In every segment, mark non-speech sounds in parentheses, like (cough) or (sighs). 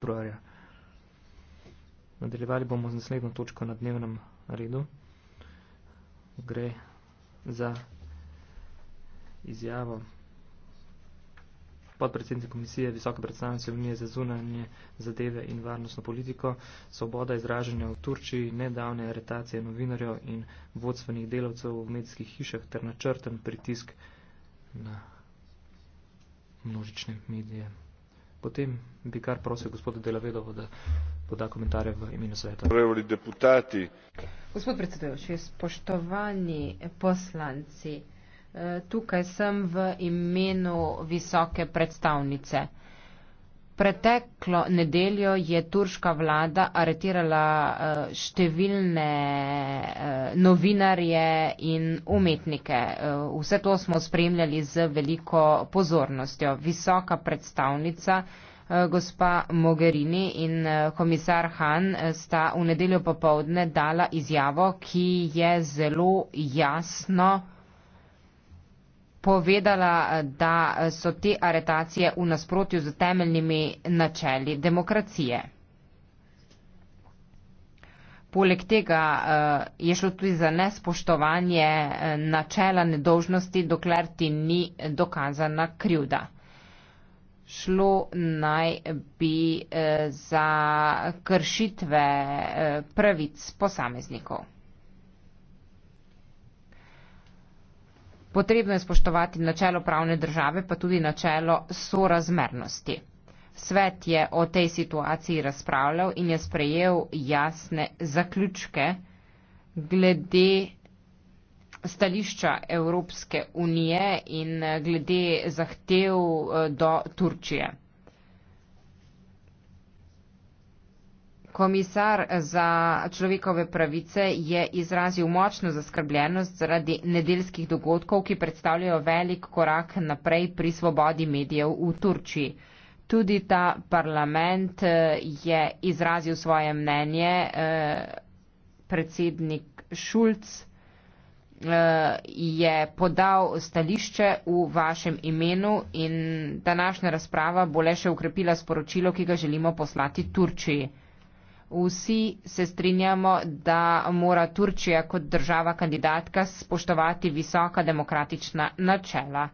februarja. Nadaljevali bomo z naslednjo točko na dnevnem redu. Gre za izjavo podpredsednice komisije Visoke predstavnice Unije za zunanje zadeve in varnostno politiko, svoboda izražanja v Turčiji, nedavne aretacije novinarjev in vodstvenih delavcev v medijskih hišah ter načrten pritisk na množične medije potem bi kar prosil gospoda Delavedova, da poda komentarje v imenu sveta. Gospod predsedujoči, spoštovani poslanci, eh, tukaj sem v imenu visoke predstavnice. Preteklo nedeljo je turška vlada aretirala eh, številne eh, novinarje in umetnike. Eh, vse to smo spremljali z veliko pozornostjo. Visoka predstavnica gospa Mogherini in komisar Han sta v nedeljo popovdne dala izjavo, ki je zelo jasno povedala, da so te aretacije v nasprotju z temeljnimi načeli demokracije. Poleg tega eh, je šlo tudi za nespoštovanje eh, načela nedožnosti, dokler ti ni dokazana krivda. Šlo naj bi eh, za kršitve pravic posameznikov. Potrebno je spoštovati načelo pravne države, pa tudi načelo sorazmernosti. Svet je o tej situaciji razpravljal in je sprejel jasne zaključke glede stališča Evropske unije in glede zahtev eh, do Turčije. Komisar za človekove pravice je izrazil močno zaskrbljenost zaradi nedeljskih dogodkov, ki predstavljajo velik korak naprej pri svobodi medijev v Turčiji. Tudi ta parlament eh, je izrazil svoje mnenje, eh, predsednik Šulc eh, je podal stališče v vašem imenu in današnja razprava bo le še ukrepila sporočilo, ki ga želimo poslati Turčiji. Vsi se strinjamo, da mora Turčija kot država kandidatka spoštovati visoka demokratična načela.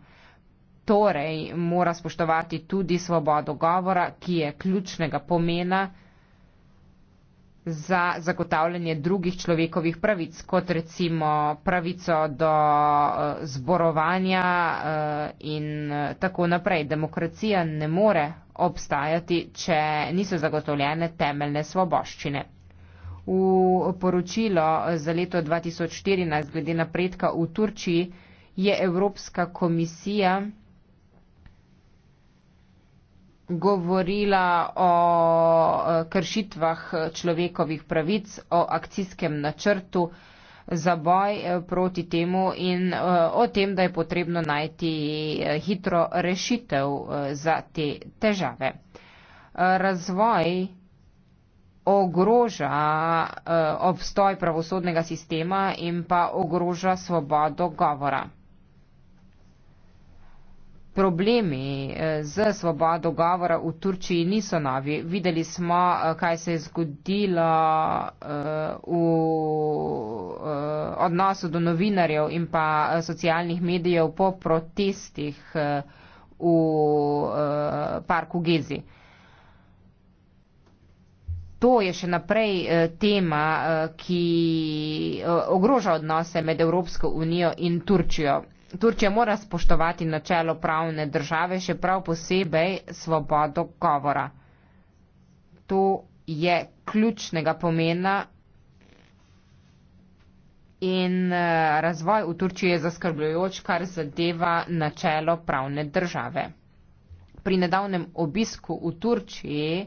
Torej mora spoštovati tudi svobodo govora, ki je ključnega pomena za zagotavljanje drugih človekovih pravic, kot recimo pravico do eh, zborovanja eh, in eh, tako naprej. Demokracija ne more obstajati, če niso zagotovljene temeljne svoboščine. V poročilo za leto 2014 glede napredka v Turčiji je Evropska komisija govorila o eh, kršitvah človekovih pravic, o akcijskem načrtu, za boj eh, proti temu in eh, o tem, da je potrebno najti eh, hitro rešitev za te težave. Razvoj ogroža obstoj pravosodnega sistema in pa ogroža svobodo govora problemi eh, z svobodo govora v Turčiji niso novi. Videli smo, eh, kaj se je zgodilo eh, v odnosu do novinarjev in pa socialnih medijev po protestih v parku Gezi. To je še naprej tema, ki ogroža odnose med Evropsko unijo in Turčijo. Turčija mora spoštovati načelo pravne države, še prav posebej svobodo govora. To je ključnega pomena in eh, razvoj v Turčiji je zaskrbljujoč, kar zadeva načelo pravne države. Pri nedavnem obisku v Turčiji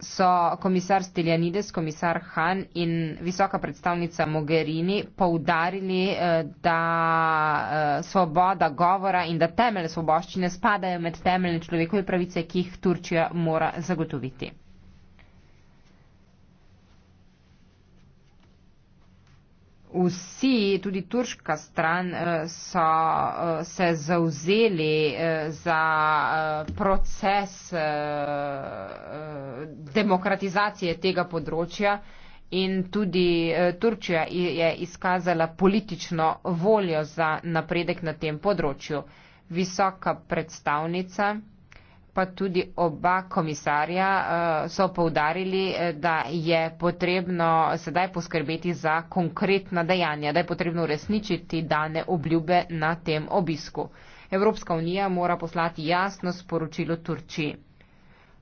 so komisar Steljanides, komisar Han in visoka predstavnica Mogherini poudarili, eh, da eh, svoboda govora in da temelje svoboščine spadajo med temeljne človekove pravice, ki jih Turčija mora zagotoviti. vsi, tudi turška stran, eh, so eh, se zauzeli eh, za proces demokratizacije tega področja in tudi Turčija je izkazala politično voljo za napredek na tem področju. Visoka predstavnica pa tudi oba komisarja eh, so poudarili, eh, da je potrebno sedaj poskrbeti za konkretna dejanja, da je potrebno uresničiti dane obljube na tem obisku. Evropska unija mora poslati jasno sporočilo Turčiji.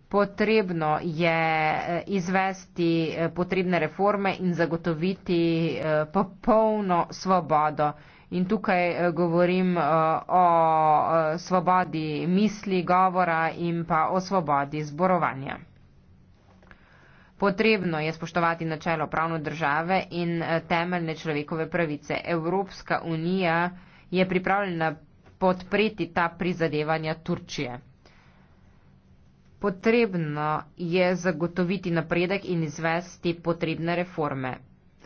Potrebno je eh, izvesti potrebne reforme in zagotoviti popolno svobodo. In tukaj eh, govorim eh, o eh, svobodi misli, govora in pa o svobodi zborovanja. Potrebno je spoštovati načelo pravno države in temeljne človekove pravice. Evropska unija je pripravljena podpreti ta prizadevanja Turčije. Potrebno je zagotoviti napredek in izvesti potrebne reforme.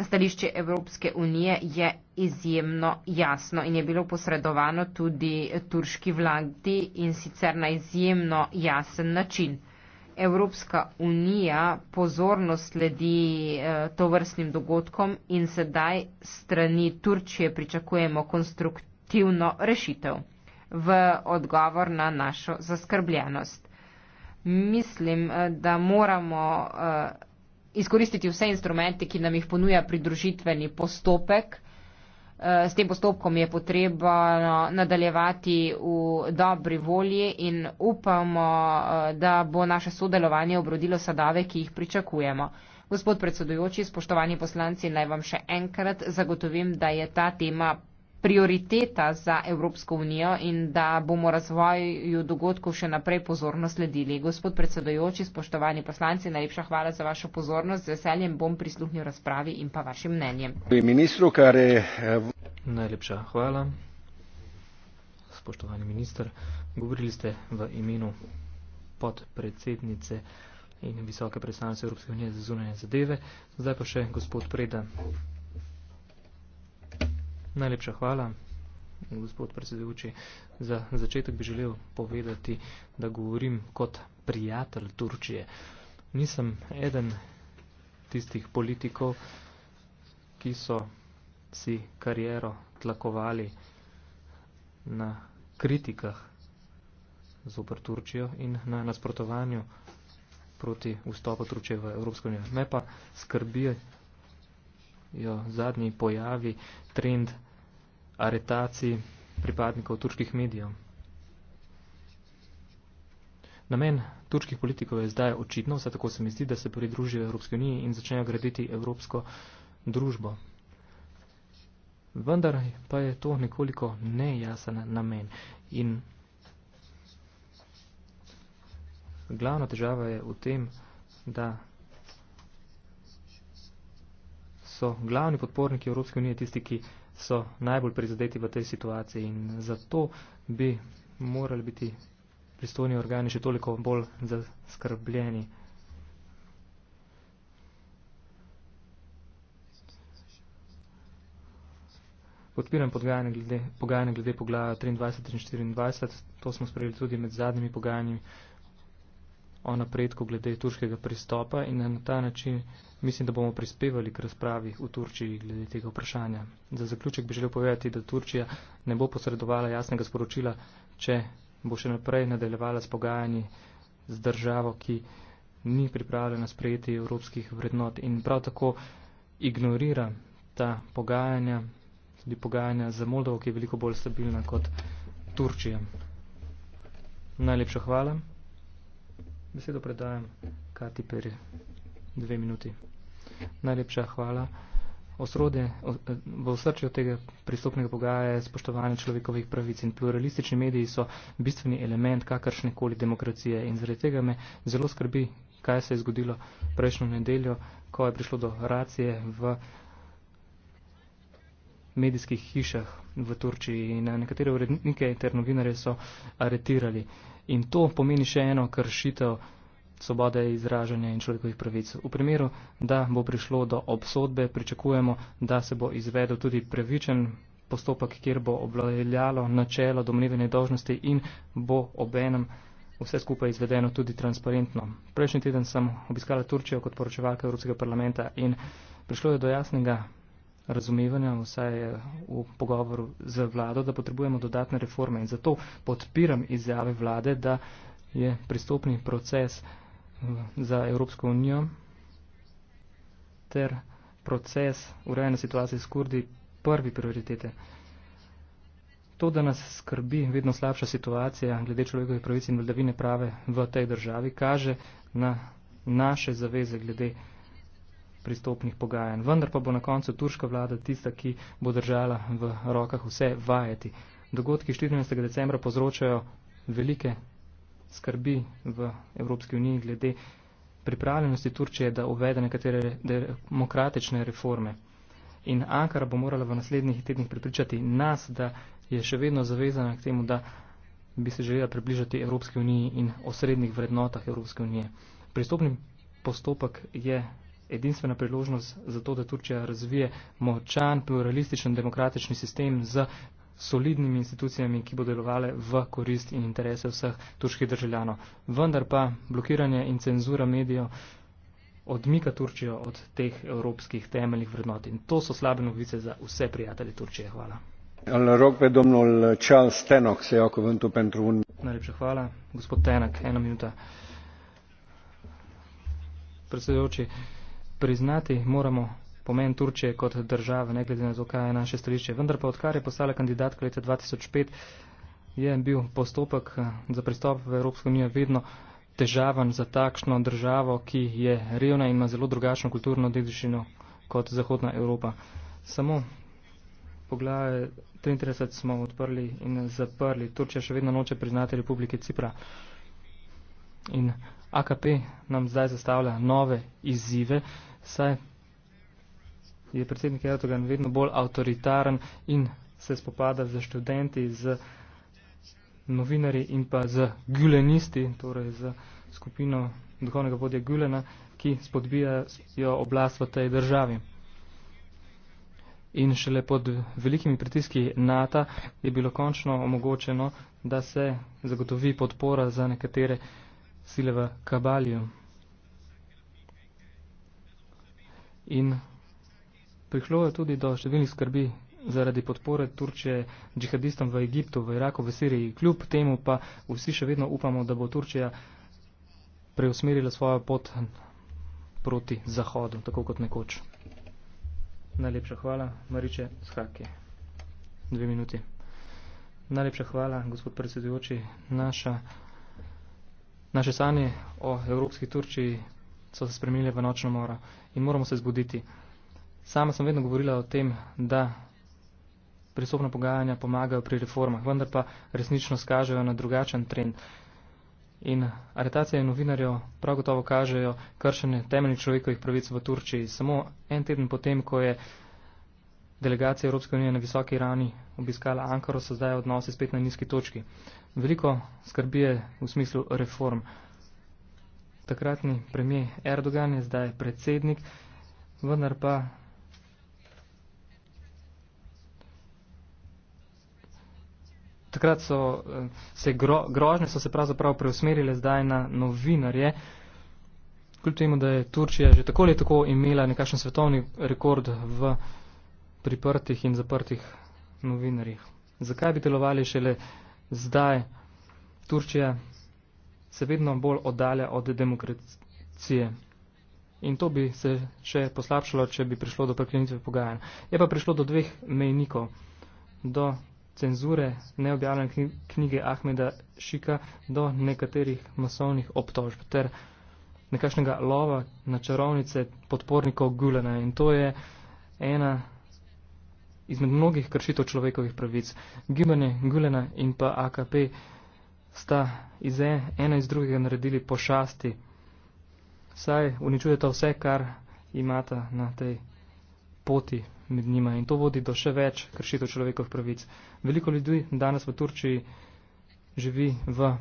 Stališče Evropske unije je izjemno jasno in je bilo posredovano tudi turški vladi in sicer na izjemno jasen način. Evropska unija pozorno sledi eh, to vrstnim dogodkom in sedaj strani Turčije pričakujemo konstruktivno rešitev v odgovor na našo zaskrbljenost. Mislim, eh, da moramo eh, izkoristiti vse instrumente, ki nam jih ponuja pridružitveni postopek. Eh, s tem postopkom je potrebno nadaljevati v dobri volji in upamo, eh, da bo naše sodelovanje obrodilo sadave, ki jih pričakujemo. Gospod predsedujoči, spoštovani poslanci, naj vam še enkrat zagotovim, da je ta tema prioriteta za Evropsko unijo in da bomo razvoju dogodkov še naprej pozorno sledili. Gospod predsedojoči, spoštovani poslanci, najlepša hvala za vašo pozornost. Z veseljem bom prisluhnil razpravi in pa vašim mnenjem. Ministru, kar je... Najlepša hvala, spoštovani minister. Govorili ste v imenu podpredsednice in visoke predstavnice Evropske unije za zunanje zadeve. Zdaj pa še gospod Preda. Najlepša hvala, gospod predsedujoči. Za začetek bi želel povedati, da govorim kot prijatelj Turčije. Nisem eden tistih politikov, ki so si kariero tlakovali na kritikah zopr Turčijo in na nasprotovanju proti vstopu Turčije v Evropsko unijo. Me pa skrbijo zadnji pojavi trend aretaciji pripadnikov turških medijev. Namen turških politikov je zdaj očitno, vse tako se mi zdi, da se pridružijo Evropske unije in začnejo graditi evropsko družbo. Vendar pa je to nekoliko nejasen namen. In glavna težava je v tem, da so glavni podporniki Evropske unije tisti, ki so najbolj prizadeti v tej situaciji in zato bi morali biti pristojni organi še toliko bolj zaskrbljeni. Podpiram pogajanje glede, pogajanje glede poglava 23 in 24, to smo sprejeli tudi med zadnjimi pogajanjami, o napredku glede turškega pristopa in na ta način mislim, da bomo prispevali k razpravi v Turčiji glede tega vprašanja. Za zaključek bi želel povedati, da Turčija ne bo posredovala jasnega sporočila, če bo še naprej nadaljevala s pogajanji z državo, ki ni pripravljena sprejeti evropskih vrednot in prav tako ignorira ta pogajanja, tudi pogajanja za Moldovo, ki je veliko bolj stabilna kot Turčija. Najlepša hvala besedo predajam Kati Peri, dve minuti. Najlepša hvala. Osrode eh, v osrčju tega pristopnega pogaja je spoštovanje človekovih pravic in pluralistični mediji so bistveni element kakršne koli demokracije in zaradi tega me zelo skrbi, kaj se je zgodilo prejšnjo nedeljo, ko je prišlo do racije v medijskih hišah v Turčiji in eh, nekatere urednike ter novinarje so aretirali. In to pomeni še eno kršitev svobode izražanja in človekovih pravic. V primeru, da bo prišlo do obsodbe, pričakujemo, da se bo izvedel tudi pravičen postopek, kjer bo obveljalo načelo domnevene dožnosti in bo obenem vse skupaj izvedeno tudi transparentno. Prejšnji teden sem obiskala Turčijo kot poročevalka Evropskega parlamenta in prišlo je do jasnega razumevanja, vsaj v pogovoru z vlado, da potrebujemo dodatne reforme in zato podpiram izjave vlade, da je pristopni proces eh, za Evropsko unijo ter proces urejene situacije s kurdi prvi prioritete. To, da nas skrbi vedno slabša situacija glede človekovih pravic in vladavine prave v tej državi, kaže na naše zaveze glede pristopnih pogajanj. Vendar pa bo na koncu turška vlada tista, ki bo držala v rokah vse vajeti. Dogodki 14. decembra povzročajo velike skrbi v Evropski uniji glede pripravljenosti Turčije, da uvede nekatere demokratične reforme. In Ankara bo morala v naslednjih tednih pripričati nas, da je še vedno zavezana k temu, da bi se želela približati Evropski uniji in osrednjih vrednotah Evropske unije. Pristopni postopek je edinstvena priložnost za to, da Turčija razvije močan, pluralističen, demokratični sistem z solidnimi institucijami, ki bo delovale v korist in interese vseh turških državljanov. Vendar pa blokiranje in cenzura medijev odmika Turčijo od teh evropskih temeljnih vrednot. In to so slabe novice za vse prijatelje Turčije. Hvala. Najlepša hvala. Gospod Tenak, ena minuta. Predsedujoči priznati moramo pomen Turčije kot države, ne glede na to, kaj je naše stališče. Vendar pa odkar je postala kandidatka leta 2005, je bil postopek eh, za pristop v Evropsko unijo vedno težavan za takšno državo, ki je revna in ima zelo drugačno kulturno dediščino kot Zahodna Evropa. Samo poglavje 33 smo odprli in zaprli. Turčija še vedno noče priznati Republike Cipra. In AKP nam zdaj zastavlja nove izzive saj je predsednik Erdogan vedno bolj avtoritaren in se spopada z študenti, z novinari in pa z gulenisti, torej z skupino duhovnega vodja Gulena, ki spodbijajo oblast v tej državi. In šele pod velikimi pritiski NATO je bilo končno omogočeno, da se zagotovi podpora za nekatere sile v Kabaliju. in prišlo je tudi do številnih skrbi zaradi podpore Turčije džihadistom v Egiptu, v Iraku, v Siriji. Kljub temu pa vsi še vedno upamo, da bo Turčija preusmerila svojo pot proti Zahodu, tako kot nekoč. Najlepša hvala, Mariče Shake. Dve minuti. Najlepša hvala, gospod predsedujoči. Naša, naše sanje o evropski Turčiji so se spremenile v nočno moro in moramo se zbuditi. Sama sem vedno govorila o tem, da prisobna pogajanja pomagajo pri reformah, vendar pa resnično skažejo na drugačen trend. In aretacije novinarjev prav gotovo kažejo kršene temeljnih človekovih pravic v Turčiji. Samo en teden potem, ko je delegacija Evropske unije na visoki ravni obiskala Ankaro, so zdaj odnosi spet na nizki točki. Veliko skrbi je v smislu reform takratni premijer Erdogan je zdaj predsednik, vendar pa takrat so eh, se gro, grožne so se pravzaprav preusmerile zdaj na novinarje, kljub temu, da je Turčija že tako ali tako imela nekakšen svetovni rekord v priprtih in zaprtih novinarjih. Zakaj bi delovali šele zdaj Turčija se vedno bolj oddalja od demokracije. In to bi se še poslabšalo, če bi prišlo do preklenitve pogajanj. Je pa prišlo do dveh mejnikov. Do cenzure neobjavljene knjige Ahmeda Šika, do nekaterih masovnih obtožb ter nekašnega lova na čarovnice podpornikov Gulena. In to je ena izmed mnogih kršitev človekovih pravic. Gibanje Gulena in pa AKP sta iz en, eno iz drugega naredili pošasti, saj uničujeta vse, kar imata na tej poti med njima in to vodi do še več kršitev človekov pravic. Veliko ljudi danes v Turčiji živi v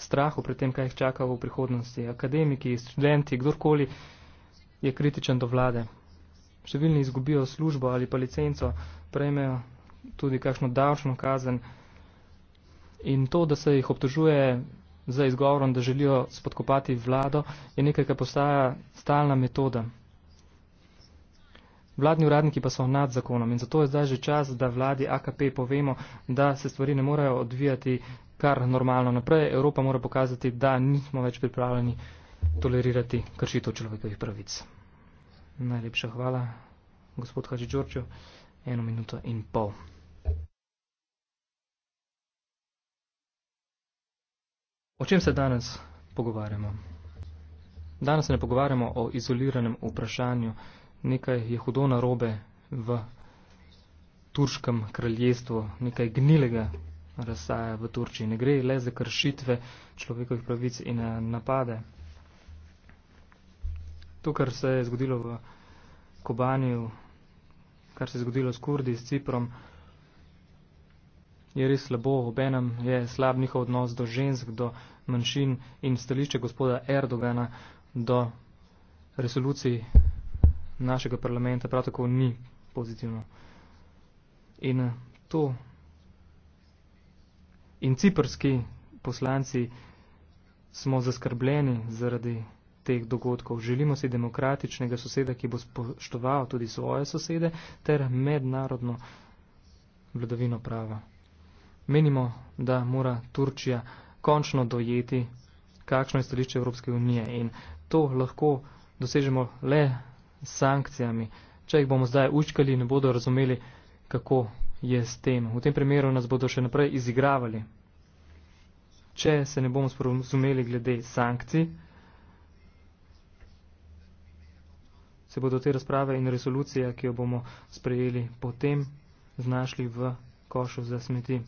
strahu pred tem, kaj jih čaka v prihodnosti. Akademiki, študenti, kdorkoli je kritičen do vlade. Številni izgubijo službo ali pa licenco, prejmejo tudi kakšno davčno kazen. In to, da se jih obtožuje za izgovorom, da želijo spodkopati vlado, je nekaj, kar postaja stalna metoda. Vladni uradniki pa so nad zakonom in zato je zdaj že čas, da vladi AKP povemo, da se stvari ne morejo odvijati kar normalno naprej. Evropa mora pokazati, da nismo več pripravljeni tolerirati kršitev človekovih pravic. Najlepša hvala, gospod Hači Đorčo, eno minuto in pol. O čem se danes pogovarjamo? Danes se ne pogovarjamo o izoliranem vprašanju. Nekaj je hudo narobe v turškem kraljestvu, nekaj gnilega razsaja v Turčiji. Ne gre le za kršitve človekovih pravic in eh, napade. To, kar se je zgodilo v Kobaniju, kar se je zgodilo s Kurdi, s Ciprom, je res slabo. Obenem je slab njihov odnos do žensk, do žensk manjšin in stališče gospoda Erdogana do resolucij našega parlamenta prav tako ni pozitivno. In eh, to in ciprski poslanci smo zaskrbljeni zaradi teh dogodkov. Želimo si demokratičnega soseda, ki bo spoštoval tudi svoje sosede ter mednarodno vladavino prava. Menimo, da mora Turčija končno dojeti, kakšno je stališče Evropske unije. In to lahko dosežemo le s sankcijami. Če jih bomo zdaj učkali, ne bodo razumeli, kako je s tem. V tem primeru nas bodo še naprej izigravali. Če se ne bomo sporozumeli glede sankcij, se bodo te razprave in resolucija, ki jo bomo sprejeli potem, znašli v košu za smeti.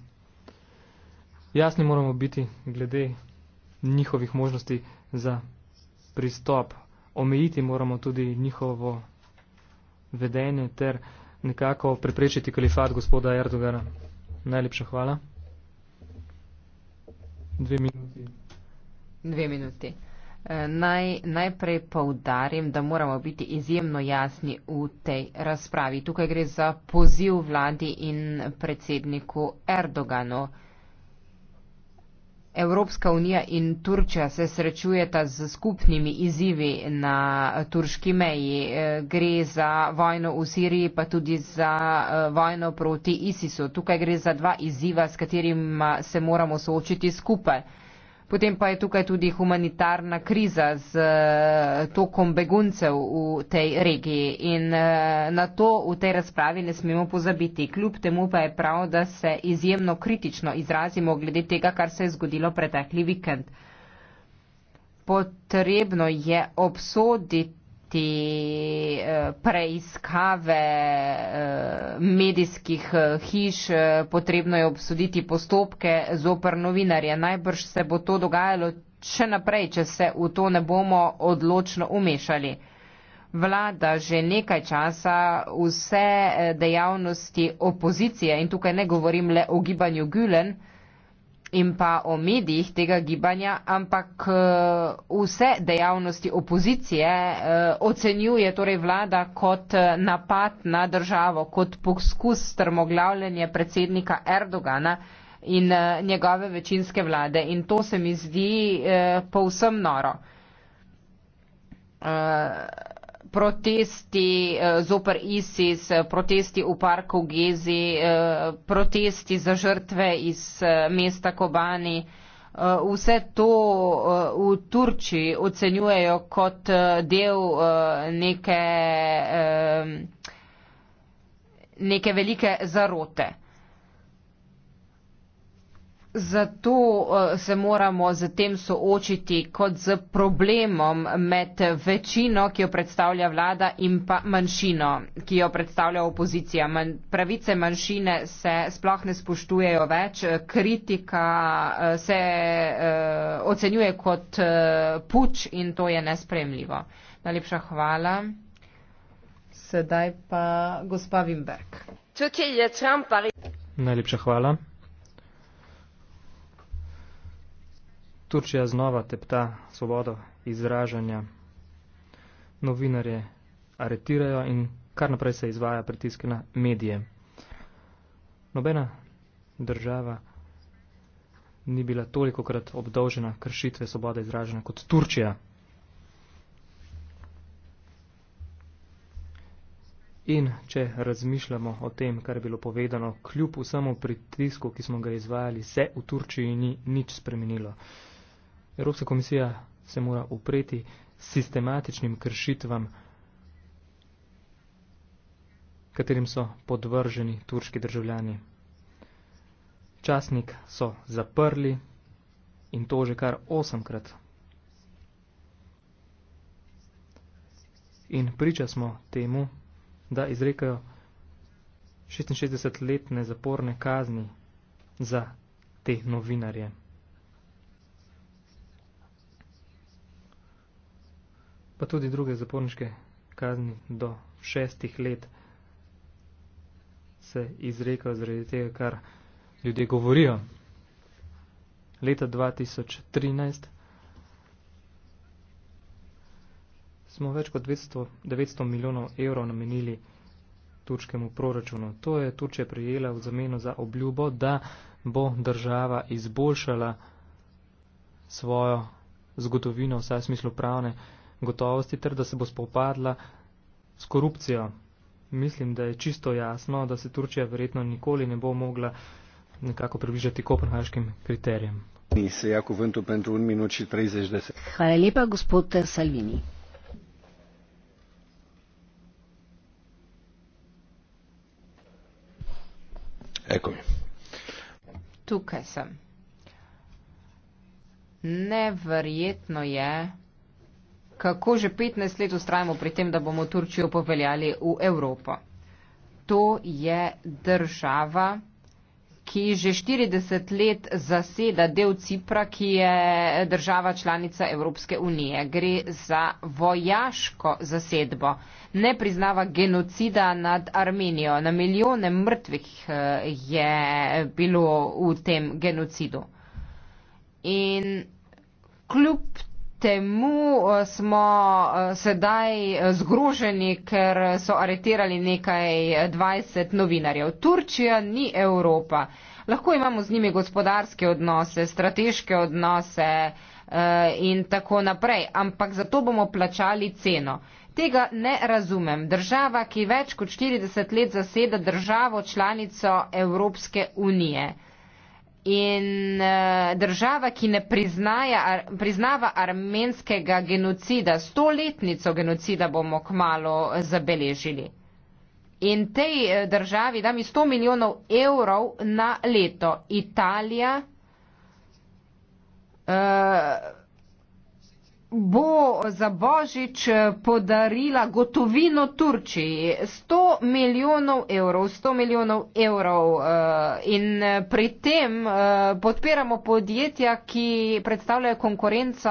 Jasni moramo biti glede njihovih možnosti za pristop. Omejiti moramo tudi njihovo vedenje ter nekako preprečiti kalifat gospoda Erdogana. Najlepša hvala. Dve minuti. Dve minuti. E, naj, najprej poudarim, da moramo biti izjemno jasni v tej razpravi. Tukaj gre za poziv vladi in predsedniku Erdoganu. Evropska unija in Turčja se srečujeta z skupnimi izzivi na turški meji. Eh, gre za vojno v Siriji, pa tudi za eh, vojno proti ISIS-u. Tukaj gre za dva izziva, s katerima se moramo soočiti skupaj. Potem pa je tukaj tudi humanitarna kriza z eh, tokom beguncev v tej regiji in eh, na to v tej razpravi ne smemo pozabiti. Kljub temu pa je prav, da se izjemno kritično izrazimo glede tega, kar se je zgodilo pretekli vikend. Potrebno je obsoditi te eh, preiskave eh, medijskih eh, hiš, potrebno je obsoditi postopke zoper novinarje. Najbrž se bo to dogajalo še naprej, če se v to ne bomo odločno umešali. Vlada že nekaj časa vse dejavnosti opozicije in tukaj ne govorim le o gibanju Gülen, in pa o medijih tega gibanja, ampak eh, vse dejavnosti opozicije eh, ocenjuje torej vlada kot eh, napad na državo, kot poskus strmoglavljanja predsednika Erdogana in njegove večinske vlade. In to se mi zdi povsem noro protesti eh, zoper ISIS, eh, protesti v parku Gezi, eh, protesti za žrtve iz mesta Kobani. Vse to v Turčiji ocenjujejo kot del neke, neke velike zarote. Zato eh, se moramo z tem soočiti kot z problemom med večino, ki jo predstavlja vlada, in pa manjšino, ki jo predstavlja opozicija. Man, pravice manjšine se sploh ne spoštujejo več, kritika eh, se uh, ocenjuje kot uh, puč in to je nespremljivo. Najlepša hvala. Sedaj pa gospa Wimberg. Najlepša hvala. Turčija znova tepta svobodo izražanja. Novinarje aretirajo in kar naprej se izvaja pritisk na medije. Nobena država ni bila toliko krat obdolžena kršitve svobode izražanja kot Turčija. In če razmišljamo o tem, kar je bilo povedano, kljub vsemu pritisku, ki smo ga izvajali, se v Turčiji ni nič spremenilo. Evropska komisija se mora upreti sistematičnim kršitvam, katerim so podvrženi turški državljani. Časnik so zaprli in to že kar osemkrat. In priča smo temu, da izrekajo 66-letne zaporne kazni za te novinarje. pa tudi druge zaporniške kazni do šestih let se izrekajo zaradi tega, kar ljudje govorijo. Leta 2013 smo več kot 200, 900 milijonov evrov namenili turškemu proračunu. To je Turče prijela v zameno za obljubo, da bo država izboljšala svojo zgodovino, vsaj v smislu pravne, gotovosti ter da se bo spopadla s korupcijo. Mislim, da je čisto jasno, da se Turčija verjetno nikoli ne bo mogla nekako približati kopenhaškim kriterijem. Hvala lepa, gospod Salvini. Eko mi. Tukaj sem. Neverjetno je, kako že 15 let ustrajamo pri tem, da bomo Turčijo popeljali v Evropo. To je država, ki že 40 let zaseda del Cipra, ki je država članica Evropske unije. Gre za vojaško zasedbo. Ne priznava genocida nad Armenijo. Na milijone mrtvih eh, je bilo v tem genocidu. In kljub temu eh, smo eh, sedaj eh, zgroženi, ker so aretirali nekaj 20 novinarjev. Turčija ni Evropa. Lahko imamo z njimi gospodarske odnose, strateške odnose in tako naprej, ampak za to bomo plačali ceno. Tega ne razumem. Država, ki več kot 40 let zaseda državo članico Evropske unije. In uh, država, ki ne priznaja, ar, priznava armenskega genocida, stoletnico genocida bomo kmalo eh, zabeležili. In tej eh, državi da mi 100 milijonov evrov na leto. Italija. Uh, bo za božič eh, podarila gotovino Turčiji 100 milijonov evrov, 100 milijonov evrov eh, in eh, pri tem podpiramo podjetja, ki predstavljajo konkurenco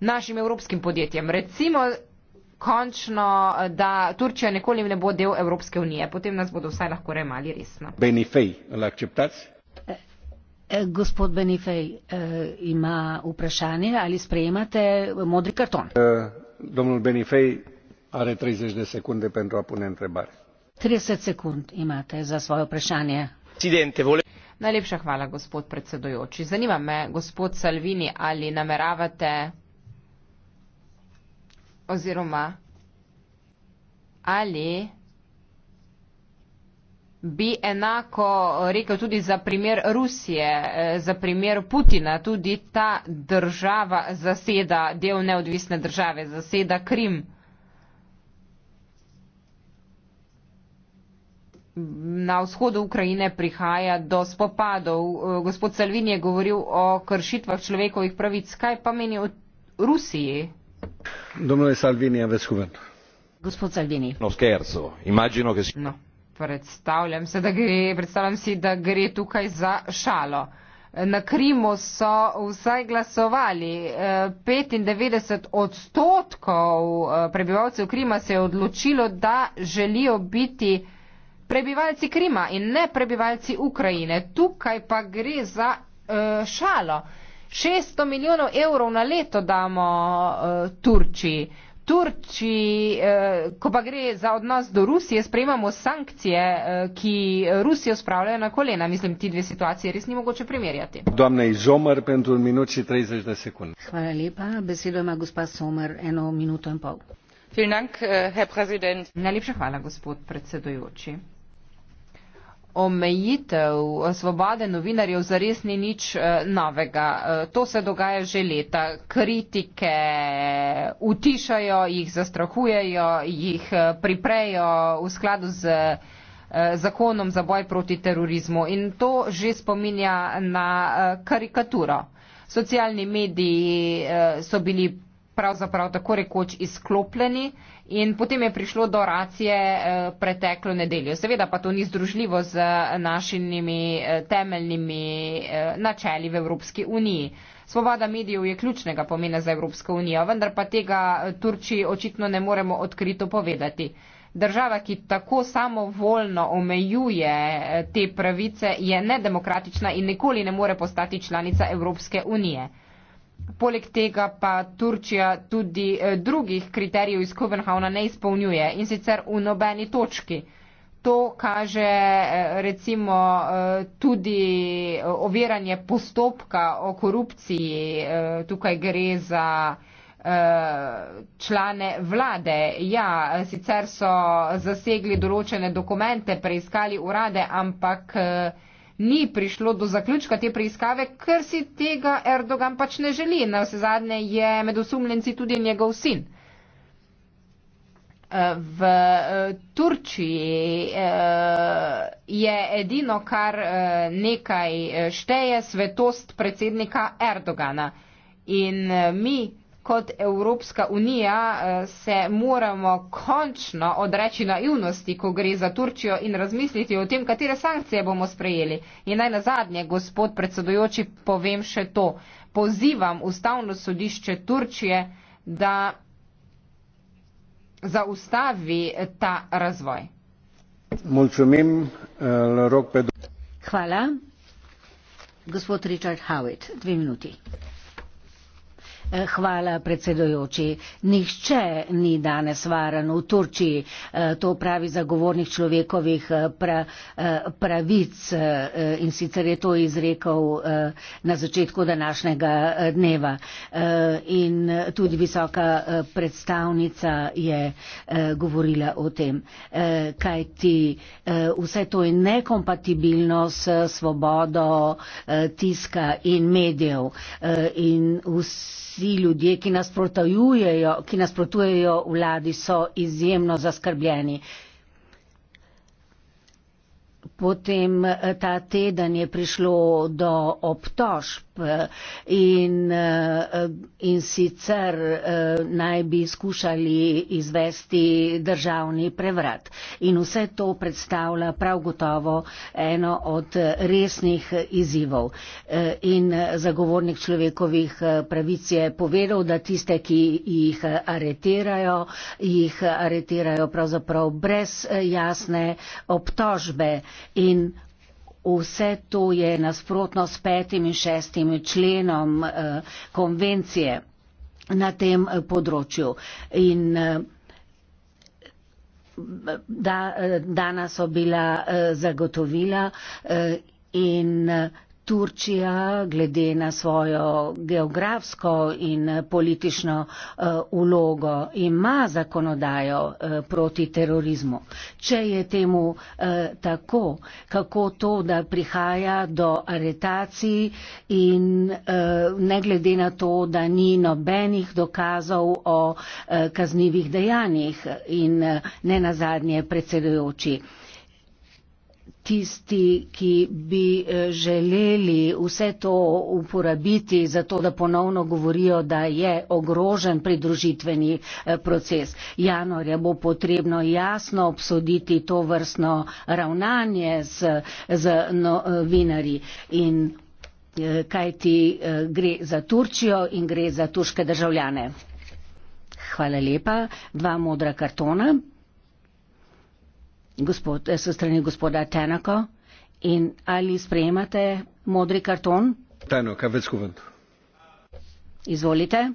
našim evropskim podjetjem. Recimo končno, da Turčija nikoli ne bo del Evropske unije, potem nas bodo vsaj lahko remali resno. Benifej, lahko čeptac? Eh, gospod Benifej eh, ima vprašanje, ali sprejemate modri karton? Eh, Benifej, 30 sekund imate za svoje vprašanje. Presidente, vole. Najlepša hvala, gospod predsedojoči. Zanima me, gospod Salvini, ali nameravate oziroma ali bi enako rekel tudi za primer Rusije, eh, za primer Putina, tudi ta država zaseda del neodvisne države, zaseda Krim. Na vzhodu Ukrajine prihaja do spopadov. Eh, gospod Salvini je govoril o kršitvah človekovih pravic. Kaj pa meni o Rusiji? Domnule Salvini, je veskuven. Gospod Salvini. No, scherzo. Imagino, da si. No, predstavljam, se, da gre, predstavljam si, da gre tukaj za šalo. Na Krimu so vsaj glasovali. 95 eh, odstotkov eh, prebivalcev Krima se je odločilo, da želijo biti prebivalci Krima in ne prebivalci Ukrajine. Tukaj pa gre za eh, šalo. 600 milijonov evrov na leto damo uh, Turčiji. Uh, Turčiji, eh, ko pa gre za odnos do Rusije, sprejemamo sankcije, eh, ki Rusijo spravljajo na kolena. Mislim, ti dve situacije res ni mogoče primerjati. Izomar, minuči, Hvala lepa. Besedo ima gospa Somer, eno minuto in pol. Eh, Najlepša hvala, gospod predsedujoči omejitev svobode novinarjev zares ni nič eh, novega. Eh, to se dogaja že leta. Kritike utišajo, jih zastrahujejo, jih eh, priprejo v skladu z zakonom za boj proti terorizmu in to že spominja na karikaturo. Socialni mediji so bili pravzaprav tako rekoč izklopljeni in potem je prišlo do racije eh, preteklo nedeljo. Seveda pa to ni združljivo z našimi eh, temeljnimi eh, načeli v Evropski uniji. Svoboda medijev je ključnega pomena za Evropsko unijo, vendar pa tega Turčiji očitno ne moremo odkrito povedati. Država, ki tako samovoljno omejuje te pravice, je nedemokratična in nikoli ne more postati članica Evropske unije. Poleg tega pa Turčija tudi eh, drugih kriterijev iz Kopenhavna ne izpolnjuje in sicer v nobeni točki. To kaže eh, recimo eh, tudi oviranje postopka o korupciji. Tukaj gre za člane vlade. Ja, sicer so zasegli določene dokumente, preiskali urade, ampak ni prišlo do zaključka te preiskave, ker si tega Erdogan pač ne želi. Na vse zadnje je med osumljenci tudi njegov sin. Eh, v eh, Turčiji eh, je edino, kar nekaj šteje, svetost predsednika Erdogana. In mi, kot Evropska unija eh, se moramo končno odreči naivnosti, ko gre za Turčijo in razmisliti o tem, katere sankcije bomo sprejeli. In naj na zadnje, gospod predsedujoči, povem še to. Pozivam Ustavno sodišče Turčije, da zaustavi ta razvoj. Mulčumim, eh, Hvala. Gospod Richard Howitt, dve minuti. Eh, hvala, predsedujoči. Nihče ni danes varen v Turčiji, eh, to pravi zagovornik človekovih eh, pra, pravic in sicer je to izrekel na začetku današnjega dneva. In tudi visoka predstavnica je govorila o tem, kaj ti vse to je nekompatibilno s svobodo tiska in medijev. In vse vsi ljudje, ki nasprotujejo, ki nasprotujejo vladi, so izjemno zaskrbljeni. Potem eh, ta teden je prišlo do obtožb Eh, in, eh, in sicer eh, naj bi skušali izvesti državni prevrat. In vse to predstavlja prav gotovo eno od resnih izzivov. In zagovornik človekovih pravic je povedal, da tiste, ki jih areterajo, jih areterajo pravzaprav brez jasne obtožbe in vse to je nasprotno s petim in šestim členom eh, konvencije na tem eh, področju. In eh, da, danes so bila zagotovila in Turčija glede na svojo geografsko in eh, politično ulogo eh, uh, ima zakonodajo uh, proti terorizmu. Če je temu uh, tako, kako to, da prihaja do aretacij in uh, ne glede na to, da ni nobenih dokazov o uh, kaznivih dejanjih in uh, ne nazadnje predsedujoči. Uh, tisti, ki bi eh, želeli vse to uporabiti za to, da ponovno govorijo, da je ogrožen pridružitveni eh, proces. Januarja bo potrebno jasno obsoditi to vrstno ravnanje z, z novinari eh, in kaj ti gre za Turčijo in gre za turške državljane. Hvala lepa. Dva modra kartona gospod, eh, so strani gospoda Tenaka in ali sprejemate modri karton? Tenaka, več kuvant. Izvolite.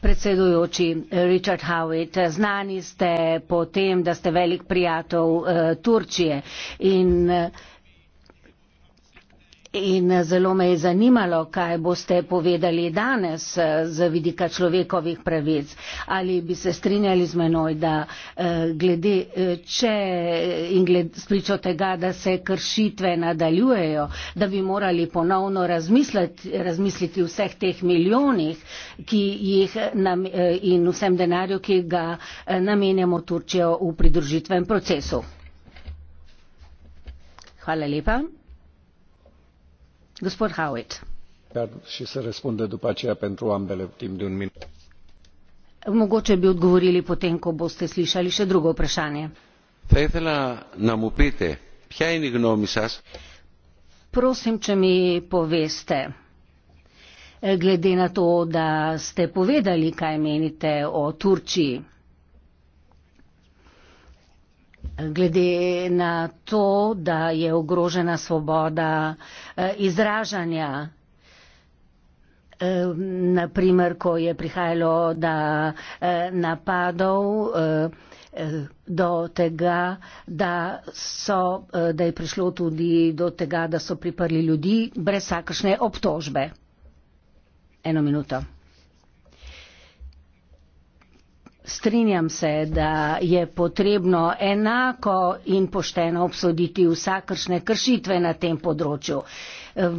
Predsedujoči eh, Richard Howitt, eh, znani ste po tem, da ste velik prijatelj uh, Turčije in uh, In zelo me je zanimalo, kaj boste povedali danes eh, z vidika človekovih pravic. Ali bi se strinjali z menoj, da eh, glede eh, če in gled, spričo tega, da se kršitve nadaljujejo, da bi morali ponovno razmisliti o vseh teh milijonih nam, in vsem denarju, ki ga namenjamo Turčijo v pridružitvenem procesu. Hvala lepa mogoče bi odgovorili potem ko boste slišali še drugo vprašanje. prosim če mi poveste eh, glede na to da ste povedali kaj menite o turčiji Glede na to, da je ogrožena svoboda eh, izražanja, eh, naprimer, ko je prihajalo do eh, napadov, do tega, da, so, da je prišlo tudi do tega, da so priprli ljudi brez vsakršne obtožbe. Eno minuto. Strinjam se, da je potrebno enako in pošteno obsoditi vsakršne kršitve na tem področju.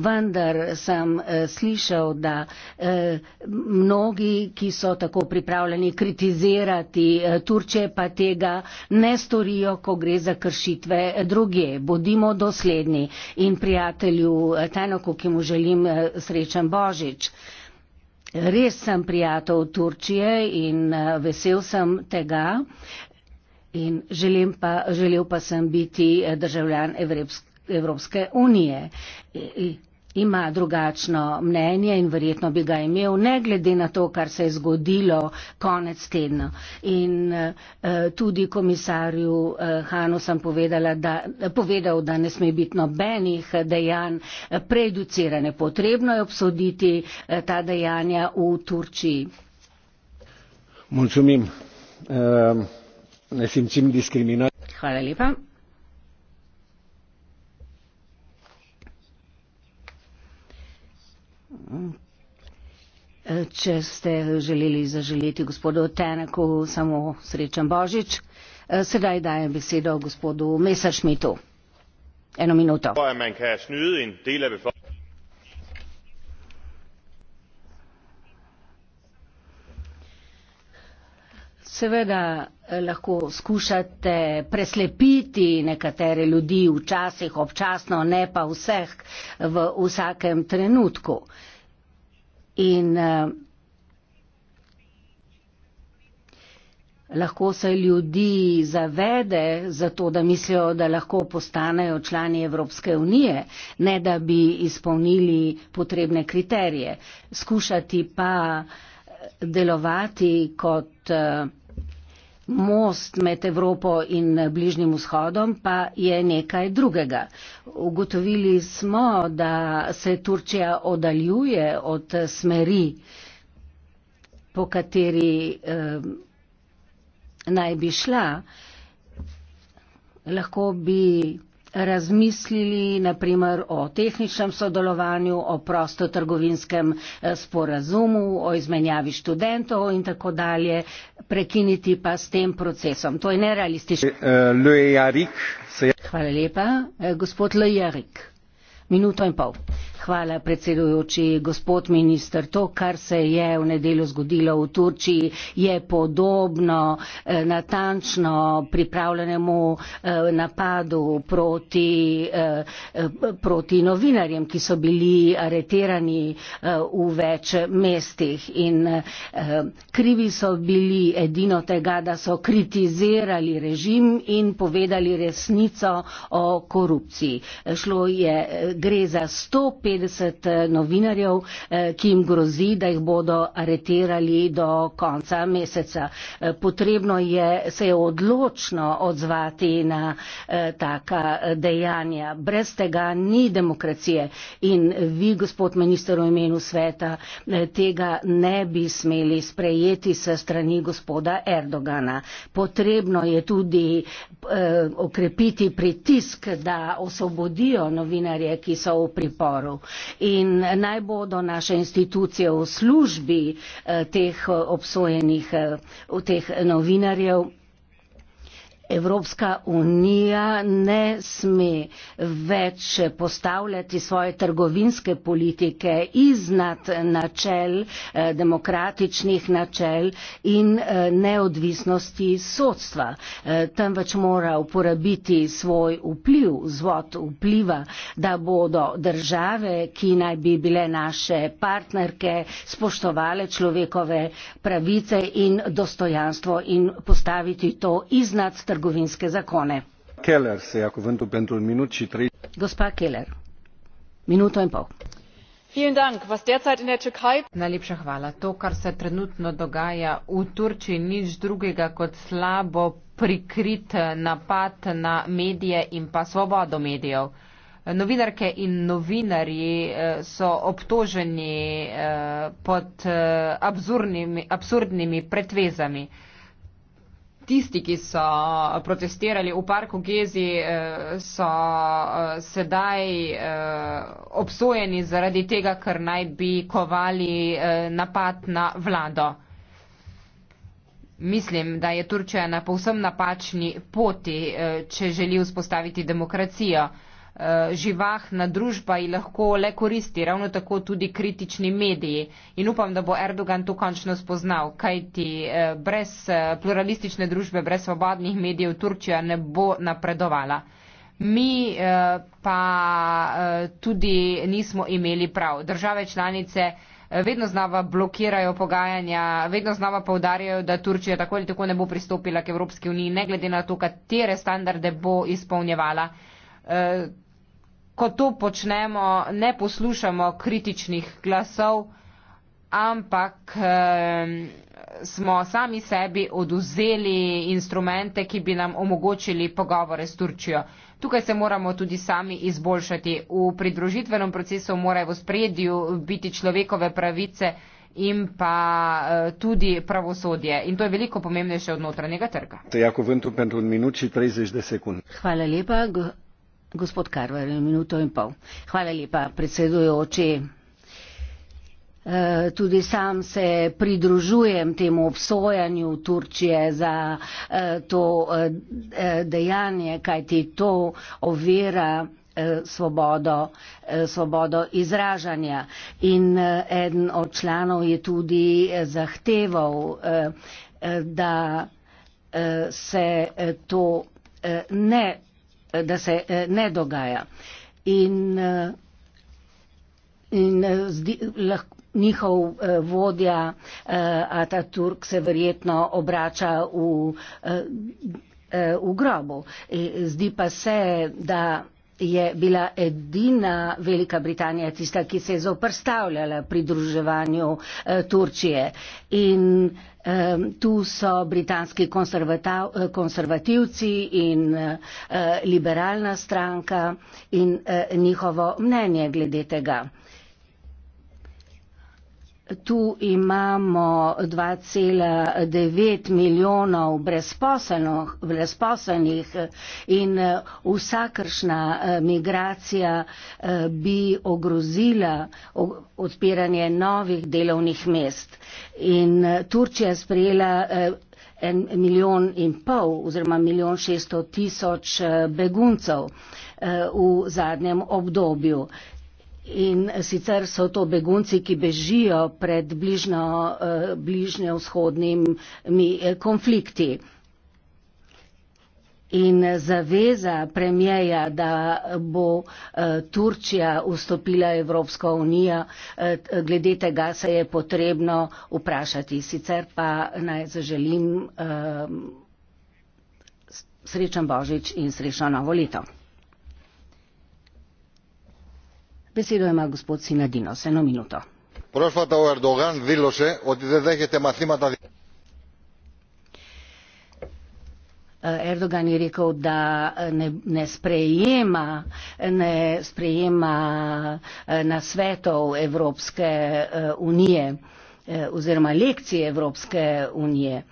Vendar sem eh, slišal, da eh, mnogi, ki so tako pripravljeni kritizirati eh, Turče, pa tega ne storijo, ko gre za kršitve druge. Bodimo dosledni in prijatelju Tenoku, ki mu želim srečen Božič. Res sem prijatelj Turčije in eh, vesel sem tega. In pa, želel pa sem biti eh, državljan Evropske, Evropske unije. I, e, i. E, ima drugačno mnenje in verjetno bi ga imel, ne glede na to, kar se je zgodilo konec tedna. In eh, tudi komisarju eh, Hanu sem povedala, da, povedal, da ne sme biti nobenih dejanj eh, prejudicirane. Potrebno je obsoditi ta dejanja v Turčiji. Mulčumim. Ne simčim diskriminacijo. Hvala lepa. Če ste želeli zaželiti gospodu Teneku samo srečen Božič, eh, sedaj dajem besedo gospodu Messerschmittu. Eno minuto. Seveda eh, lahko skušate preslepiti nekatere ljudi včasih, občasno, ne pa vseh v vsakem trenutku in eh, lahko se ljudi zavede za to, da mislijo, da lahko postanejo člani Evropske unije, ne da bi izpolnili potrebne kriterije. Skušati pa delovati kot uh, Most med Evropo in Bližnjim vzhodom pa je nekaj drugega. Ugotovili smo, da se Turčija odaljuje od smeri, po kateri eh, naj bi šla. Lahko bi razmislili naprimer o tehničnem sodelovanju, o prostotrgovinskem eh, sporazumu, o izmenjavi študentov in tako dalje, prekiniti pa s tem procesom. To je nerealistično. Eh, eh, Hvala lepa. Gospod Le Jarik, minuto in pol. Hvala, predsedujoči. Gospod minister, to, kar se je v nedeljo zgodilo v Turčiji, je podobno eh, natančno pripravljenemu eh, napadu proti, eh, proti novinarjem, ki so bili areterani v več mestih. In krivi so bili edino tega, da so kritizirali režim in povedali resnico o korupciji. Šlo je, gre za 150 150 eh, novinarjev, eh, ki jim grozi, da jih bodo areterali do konca meseca. Eh, potrebno je se je odločno odzvati na taka dejanja. Brez tega ni demokracije in vi, gospod minister v imenu sveta, tega ne bi smeli sprejeti se strani gospoda Erdogana. Potrebno je tudi okrepiti pritisk, da osvobodijo novinarje, ki so v priporu in naj bodo naše institucije v službi eh, teh eh, obsojenih, eh, teh novinarjev. Evropska unija ne sme več postavljati svoje trgovinske politike iznad načel, eh, demokratičnih načel in eh, neodvisnosti sodstva. Eh, temveč mora uporabiti svoj vpliv, zvod vpliva, da bodo države, ki naj bi bile naše partnerke, spoštovale človekove pravice in dostojanstvo in postaviti to iznad trgovinske politike trgovinske zakone. Keller se je ako vendu pentru minut și trei. Gospa Keller, minuto in pol. Najlepša hvala. To, kar se trenutno dogaja v Turčiji, nič drugega kot slabo prikrit napad na medije in pa svobodo medijev. Novinarke in novinarji eh, so obtoženi eh, pod eh, absurdnimi, absurdnimi pretvezami. Tisti, ki so protestirali v parku Gezi, eh, so eh, sedaj eh, obsojeni zaradi tega, ker naj bi kovali napad na vlado. Mislim, da je Turčija na povsem napačni poti, če želi vzpostaviti demokracijo. Eh, živahna družba ji lahko le koristi, ravno tako tudi kritični mediji. In upam, da bo Erdogan to končno spoznal, kajti eh, brez eh, pluralistične družbe, brez svobodnih medijev Turčija ne bo napredovala. Mi pa tudi nismo imeli prav. Države članice vedno znova blokirajo pogajanja, vedno znova povdarjajo, da Turčija tako ali tako ne bo pristopila k Evropski uniji, ne glede na to, katere standarde bo izpolnjevala ko to počnemo, ne poslušamo kritičnih glasov, ampak eh, smo sami sebi oduzeli instrumente, ki bi nam omogočili pogovore s Turčijo. Tukaj se moramo tudi sami izboljšati. V pridružitvenem procesu morajo v spredju biti človekove pravice in pa uh, tudi pravosodje. In to je veliko pomembnejše od notranjega trga. Hvala lepa. Gospod Karvar, minuto in pol. Hvala lepa, predsedujoči. Eh, tudi sam se pridružujem temu obsojanju Turčije za eh, to eh, dejanje, kajti to ovira svobodo, svobodo izražanja. In eden od članov je tudi zahteval, da se to ne da se eh, ne dogaja. In, eh, in eh, zdi, lahko, njihov vodja Ataturk se verjetno obrača v, v grobu. Zdi pa se, da je bila edina Velika Britanija tista, ki se je zoprstavljala pridruževanju Turčije. In Tu so britanski eh, konservativci in eh, liberalna stranka in eh, njihovo mnenje glede tega. Tu imamo 2,9 milijonov brezposelnih in eh, vsakršna eh, migracija eh, bi ogrozila odpiranje novih delovnih mest. In Turčija je sprejela en milijon in pol oziroma milijon šeststo tisoč beguncev v zadnjem obdobju. In sicer so to begunci, ki bežijo pred bližnjo, eh, bližnjo vzhodnimi eh, konflikti. In zaveza premjeja, da bo eh, Turčija vstopila Evropsko unijo, glede tega se je potrebno vprašati. Sicer pa naj zaželim srečen Božič in srečno novo leto. Πρόσφατα ο Ερντογάν δήλωσε ότι δεν δέχεται μαθήματα. Ερντογάν είπε ότι δεν σπρέιμα, δεν σπρέιμα να σβέτω Ευρώπσκε Ουνίε, ουζέρμα λίξη Ευρώπσκε Ουνίε.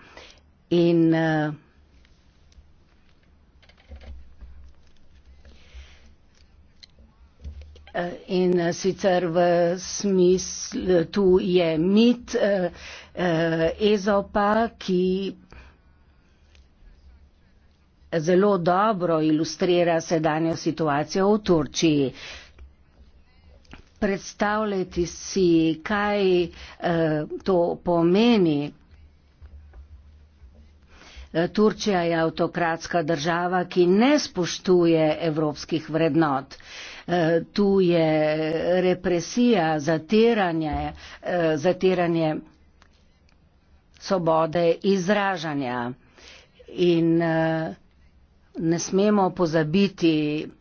Είναι Eh, in eh, sicer v smislu tu je mit eh, Ezopa, ki zelo dobro ilustrira sedanjo situacijo v Turčiji. Predstavljati si, kaj to pomeni Eh, Turčija je avtokratska država, ki ne spoštuje evropskih vrednot. Eh, tu je represija, zatiranje, eh, zatiranje svobode izražanja. In ne smemo pozabiti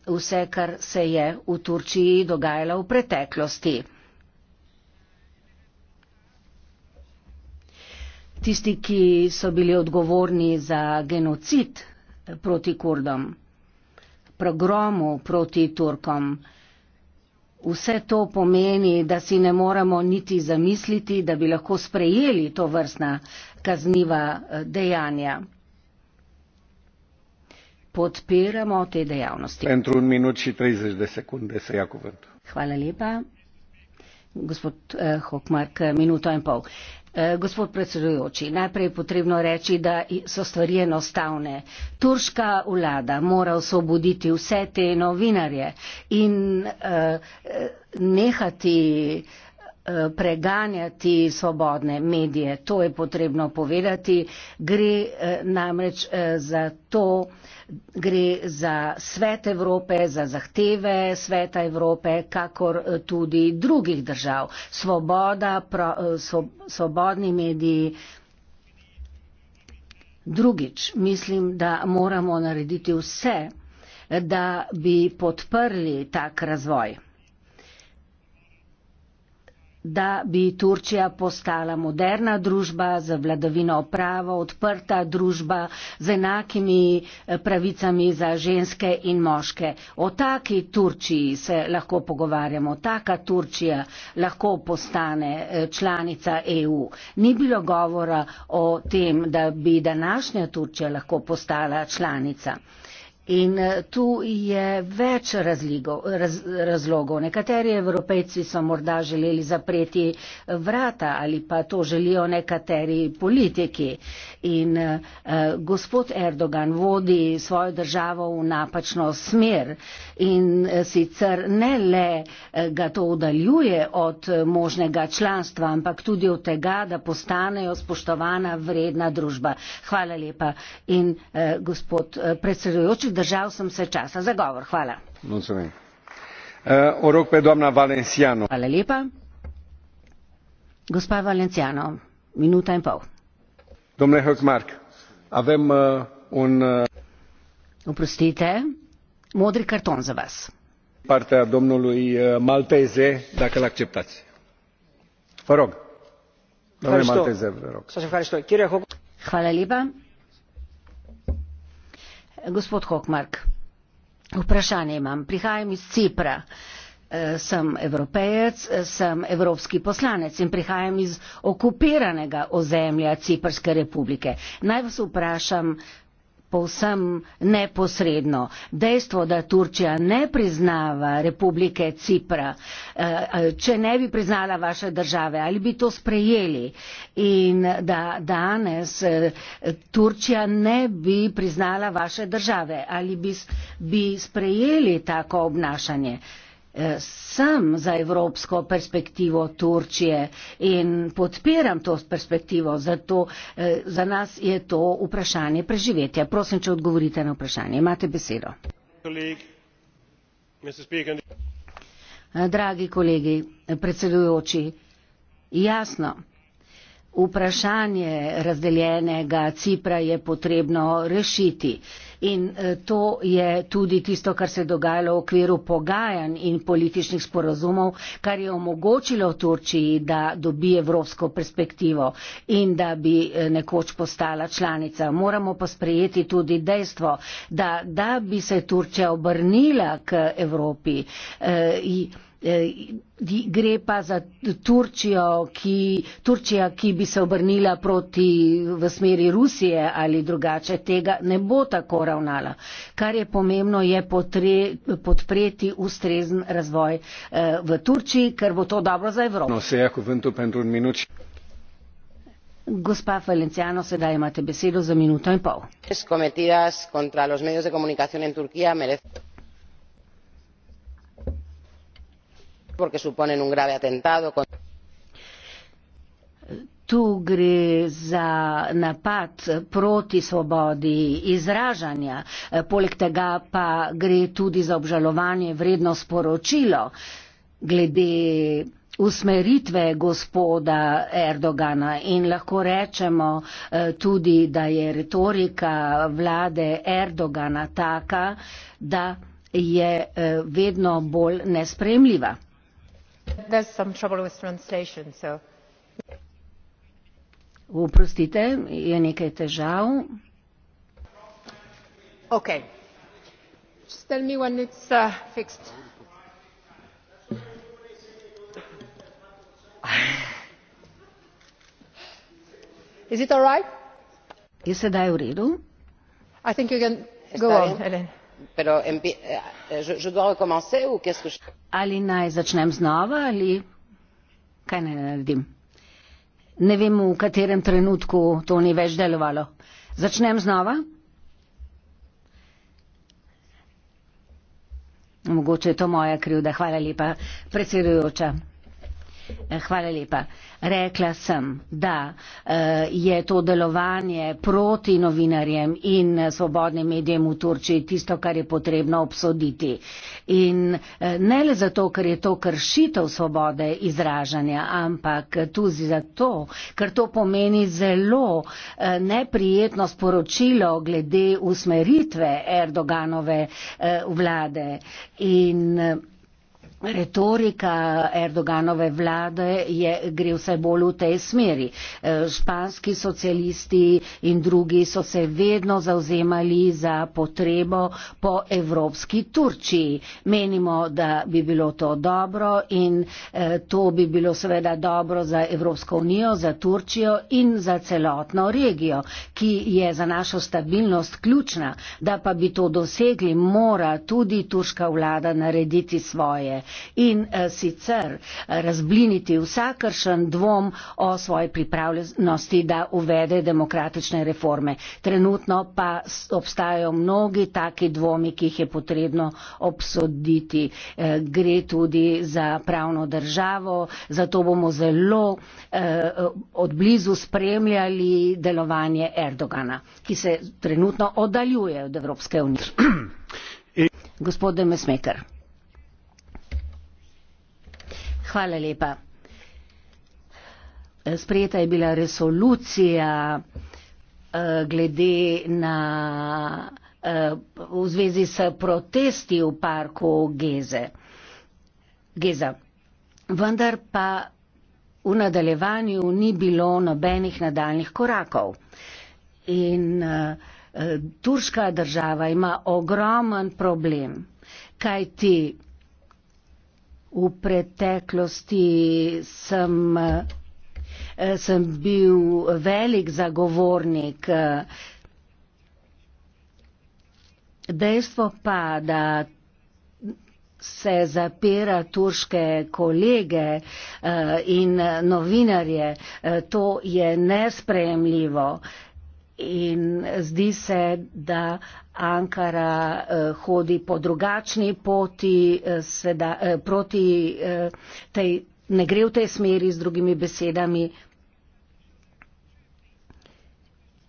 vse, kar se je v Turčiji dogajalo v preteklosti. tisti, ki so bili odgovorni za genocid proti Kurdom, progromu proti Turkom. Vse to pomeni, da si ne moremo niti zamisliti, da bi lahko sprejeli to vrstna kazniva eh, dejanja. Podpiramo te dejavnosti. Hvala lepa. Gospod eh, Hokmark, minuto in pol. Eh, gospod predsedujoči, najprej je potrebno reči, da so stvari enostavne. Turška vlada mora osvoboditi vse te novinarje in uh, nehati uh, Eh, preganjati svobodne medije. To je potrebno povedati. Gre eh, namreč eh, za to, gre za svet Evrope, za zahteve sveta Evrope, kakor tudi drugih držav. Svoboda, pro, svob, svobodni mediji. Drugič, mislim, da moramo narediti vse, da bi podprli tak razvoj da bi Turčija postala moderna družba z vladavino prava, odprta družba z enakimi eh, pravicami za ženske in moške. O taki Turčiji se lahko pogovarjamo, taka Turčija lahko postane eh, članica EU. Ni bilo govora o tem, da bi današnja Turčija lahko postala članica. In eh, tu je več razligo, raz, razlogov. Nekateri evropejci so morda želeli zapreti eh, vrata ali pa to želijo nekateri politiki. In eh, gospod Erdogan vodi svojo državo v napačno smer in eh, sicer ne le eh, ga to udaljuje od eh, možnega članstva, ampak tudi od tega, da postanejo spoštovana vredna družba. Hvala lepa. In, eh, gospod, eh, držal sem se časa za govor. Hvala. No, eh, Hvala lepa. Gospa Valenciano, minuta in pol. Domne Hökmark, avem uh, un... Uh, Oprostite, modri karton za vas. Partea domnului uh, Malteze, dacă l-acceptați. Vă rog. Domnule Malteze, vă rog. Hvala lepa gospod Hokmark, vprašanje imam. Prihajam iz Cipra. E, sem evropejec, sem evropski poslanec in prihajam iz okupiranega ozemlja Ciprske republike. Naj vas vprašam, povsem neposredno. Dejstvo, da Turčija ne priznava Republike Cipra, eh, eh, če ne bi priznala vaše države, ali bi to sprejeli in da danes eh, Turčija ne bi priznala vaše države, ali bi sprejeli tako obnašanje sem za evropsko perspektivo Turčije in podpiram to perspektivo, zato eh, za nas je to vprašanje preživetja. Prosim, če odgovorite na vprašanje. Imate besedo. Dragi kolegi, predsedujoči, jasno. Vprašanje razdeljenega Cipra je potrebno rešiti in eh, to je tudi tisto, kar se je dogajalo v okviru pogajanj in političnih sporozumov, kar je omogočilo Turčiji, da dobi evropsko perspektivo in da bi eh, nekoč postala članica. Moramo pa sprejeti tudi dejstvo, da, da bi se Turčija obrnila k Evropi. Eh, Eh, gre pa za Turčijo, ki, Turčija, ki bi se obrnila proti v smeri Rusije ali drugače, tega ne bo tako ravnala. Kar je pomembno, je potre, podpreti ustrezen razvoj eh, v Turčiji, ker bo to dobro za Evropo. No, se, Gospa Valenciano, sedaj imate besedo za minuto in pol. porque suponen un grave atentado Tu gre za napad proti svobodi izražanja, eh, poleg tega pa gre tudi za obžalovanje vredno sporočilo glede usmeritve gospoda Erdogana in lahko rečemo eh, tudi, da je retorika vlade Erdogana taka, da je eh, vedno bolj nespremljiva there is some trouble with translation so oprostite je nekaj težav okay just tell me when it's uh, fixed (sighs) is it all right je sedaj v redu i think you can go on Ellen. Eh, eh, ali naj začnem znova ali kaj naj naredim. Ne vem, v katerem trenutku to ni več delovalo. Začnem znova. Mogoče je to moja krivda. Hvala lepa, predsedujoča. Eh, hvala lepa. Rekla sem, da eh, je to delovanje proti novinarjem in eh, svobodnim medijem v Turčiji tisto, kar je potrebno obsoditi. In ne le zato, ker je to kršitev svobode izražanja, ampak tudi zato, ker to pomeni zelo neprijetno sporočilo glede usmeritve Erdoganove vlade. In, Retorika Erdoganove vlade je, gre vse bolj v tej smeri. E, španski socialisti in drugi so se vedno zauzemali za potrebo po evropski Turčiji. Menimo, da bi bilo to dobro in e, to bi bilo seveda dobro za Evropsko unijo, za Turčijo in za celotno regijo, ki je za našo stabilnost ključna. Da pa bi to dosegli, mora tudi turška vlada narediti svoje in eh, sicer eh, razbliniti vsakršen dvom o svoji pripravljenosti, da uvede demokratične reforme. Trenutno pa obstajajo mnogi taki dvomi, ki jih je potrebno obsoditi. Eh, gre tudi za pravno državo, zato bomo zelo odblizu spremljali delovanje Erdogana, ki se trenutno oddaljuje od Evropske unije. (clears throat) Gospod Demesmeker. Hvala lepa. Sprejeta je bila resolucija eh, glede na eh, v zvezi s protesti v parku Geze. Geza. Vendar pa v nadaljevanju ni bilo nobenih nadaljnih korakov. In uh, turška država ima ogromen problem, kajti V preteklosti sem, sem bil velik zagovornik. Dejstvo pa, da se zapira turške kolege eh, in novinarje, eh, to je nespremljivo in zdi se, da Ankara eh, hodi po drugačni poti, eh, sveda, eh, proti, eh, tej, ne gre v tej smeri z drugimi besedami.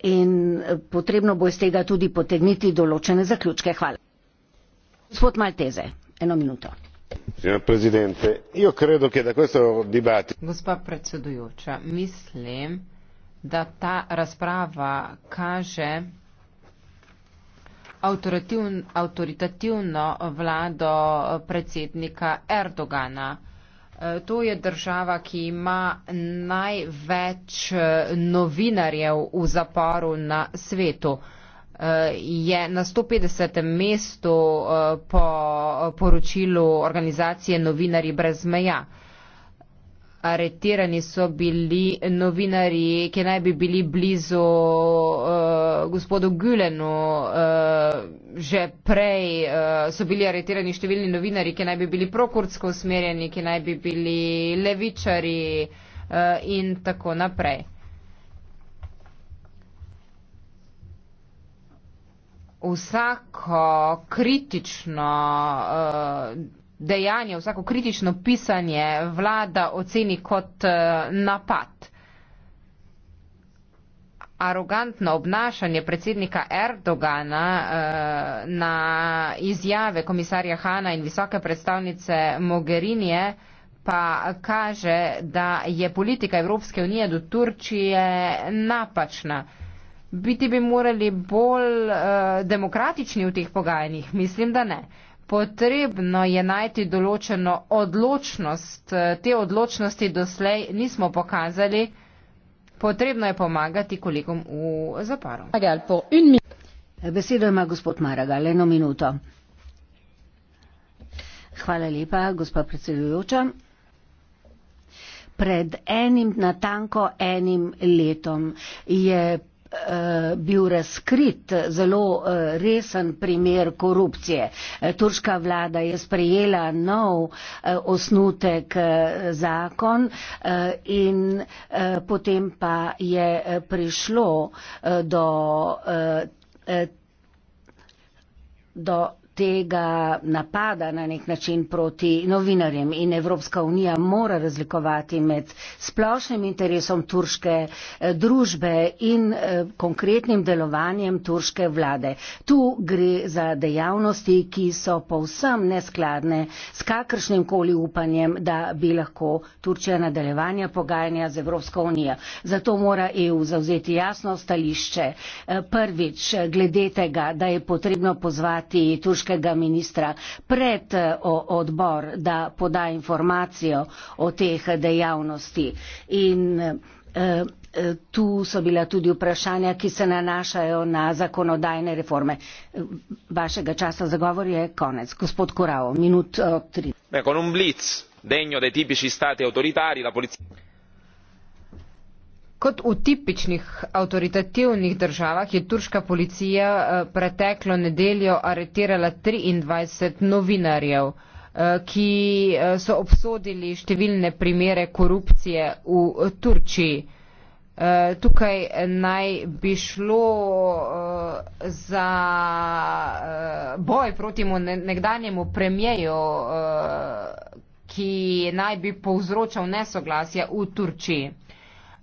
In eh, potrebno bo iz tega tudi potegniti določene zaključke. Hvala. Gospod Malteze, eno minuto. Gospa predsedujoča, mislim, da ta razprava kaže avtoritativno vlado predsednika Erdogana. E, to je država, ki ima največ e, novinarjev v zaporu na svetu. E, je na 150. mestu po poročilu organizacije Novinari brez meja aretirani so bili novinari, ki naj bi bili blizu uh, gospodu Gülenu. Uh, že prej uh, so bili aretirani številni novinari, ki naj bi bili prokurdsko usmerjeni, ki naj bi bili levičari uh, in tako naprej. Vsako kritično uh, dejanje, vsako kritično pisanje vlada oceni kot eh, napad. Arogantno obnašanje predsednika Erdogana eh, na izjave komisarja Hana in visoke predstavnice Mogherinije pa kaže, da je politika Evropske unije do Turčije napačna. Biti bi morali bolj uh, demokratični v teh pogajanjih, mislim, da ne. Uh, Potrebno je najti določeno odločnost. Te odločnosti doslej nismo pokazali. Potrebno je pomagati kolegom v zaporu. Besedo ima gospod Maragal, eno minuto. Hvala lepa, gospod predsedujoča. Pred enim, natanko enim letom je Eh, bil razkrit zelo eh, resen primer korupcije. Eh, turška vlada je sprejela nov osnutek zakon in potem pa je prišlo do. do tega napada na nek način proti novinarjem in Evropska unija mora razlikovati med splošnim interesom turške eh, družbe in eh, konkretnim delovanjem turške vlade. Tu gre za dejavnosti, ki so povsem neskladne s kakršnim koli upanjem, da bi lahko Turčija nadaljevanja pogajanja z Evropsko unijo. Zato mora EU zauzeti jasno stališče. Eh, prvič, glede tega, da je potrebno pozvati turške turškega ministra pred eh, odbor, da poda informacijo o teh dejavnosti. In eh, eh, tu so bila tudi vprašanja, ki se nanašajo na zakonodajne reforme. Vašega časa zagovor je konec. Gospod Koravo, minut tri. Ne, Kot v tipičnih avtoritativnih državah je turška policija eh, preteklo nedeljo aretirala 23 novinarjev, eh, ki eh, so obsodili številne primere korupcije v Turčiji. Tukaj naj bi šlo za boj proti nekdanjemu premijeju, ki naj bi povzročal nesoglasje v Turčiji.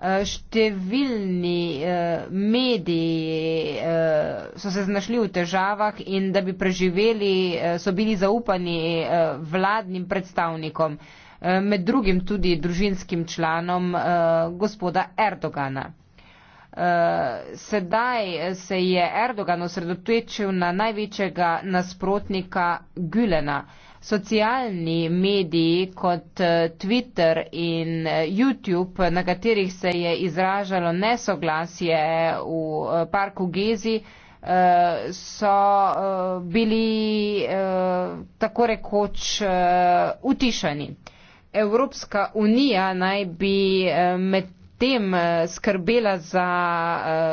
Eh, številni eh, mediji eh, so se znašli v težavah in da bi preživeli, so bili zaupani vladnim predstavnikom, med drugim tudi družinskim članom gospoda Erdogana. Sedaj se je Erdogan osredotočil na največjega nasprotnika Gülena socialni mediji kot eh, Twitter in eh, YouTube, na katerih se je izražalo nesoglasje v eh, parku Gezi, so bili tako rekoč utišani. Evropska unija naj bi med tem skrbela za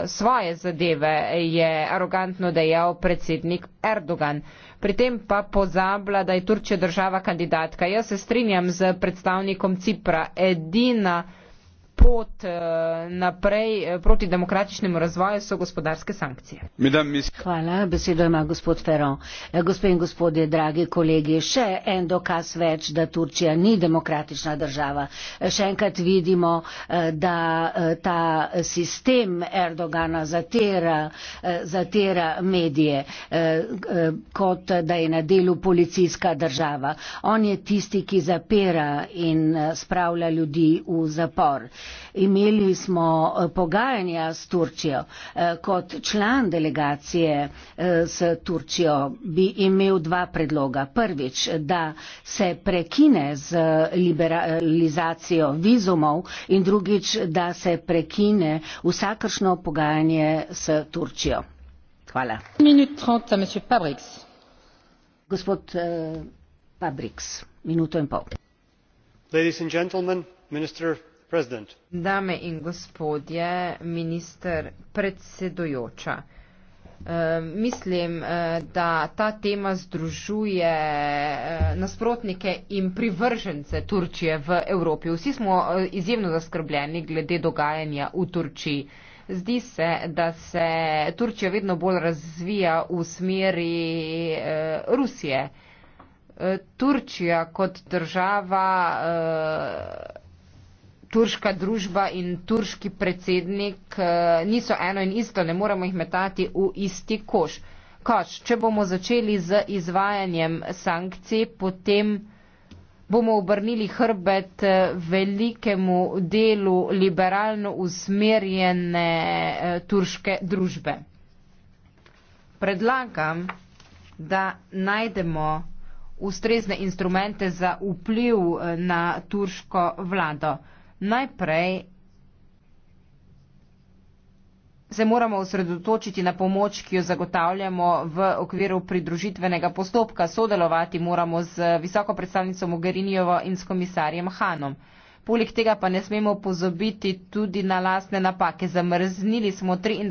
svoje zadeve, je arogantno dejal predsednik Erdogan pri tem pa pozablja, da je Turčija država kandidatka. Jaz se strinjam z predstavnikom Cipra. Edina pot eh, naprej eh, proti demokratičnemu razvoju so gospodarske sankcije. Hvala, besedo ima gospod Ferron. Eh, gospe in gospodje, dragi kolegi, še en dokaz več, da Turčija ni demokratična država. Še enkrat vidimo, da ta sistem Erdogana zatera, zatera medije, kot da je na delu policijska država. On je tisti, ki zapira in spravlja ljudi v zapor. Imeli smo eh, pogajanja s Turčijo. Eh, kot član delegacije eh, s Turčijo bi imel dva predloga. Prvič, da se prekine z liberalizacijo vizumov in drugič, da se prekine vsakršno pogajanje s Turčijo. Hvala. Gospod Pabriks, minuto in pol. Dame in gospodje, minister predsedujoča. Ehm, mislim, eh, da ta tema združuje eh, nasprotnike in privržence Turčije v Evropi. Vsi smo eh, izjemno zaskrbljeni glede dogajanja v Turčiji. Zdi se, da se Turčija vedno bolj razvija v smeri Rusije. Turčija kot država turška družba in turški predsednik eh, niso eno in isto, ne moremo jih metati v isti koš. Koč, če bomo začeli z izvajanjem sankcij, potem bomo obrnili hrbet eh, velikemu delu liberalno usmerjene eh, turške družbe. Predlagam, da najdemo ustrezne instrumente za vpliv na turško vlado. Najprej se moramo osredotočiti na pomoč, ki jo zagotavljamo v okviru pridružitvenega postopka. Sodelovati moramo z visoko predstavnico Mogherinijovo in s komisarjem Hanom. Poleg tega pa ne smemo pozobiti tudi na lastne napake. Zamrznili smo 23.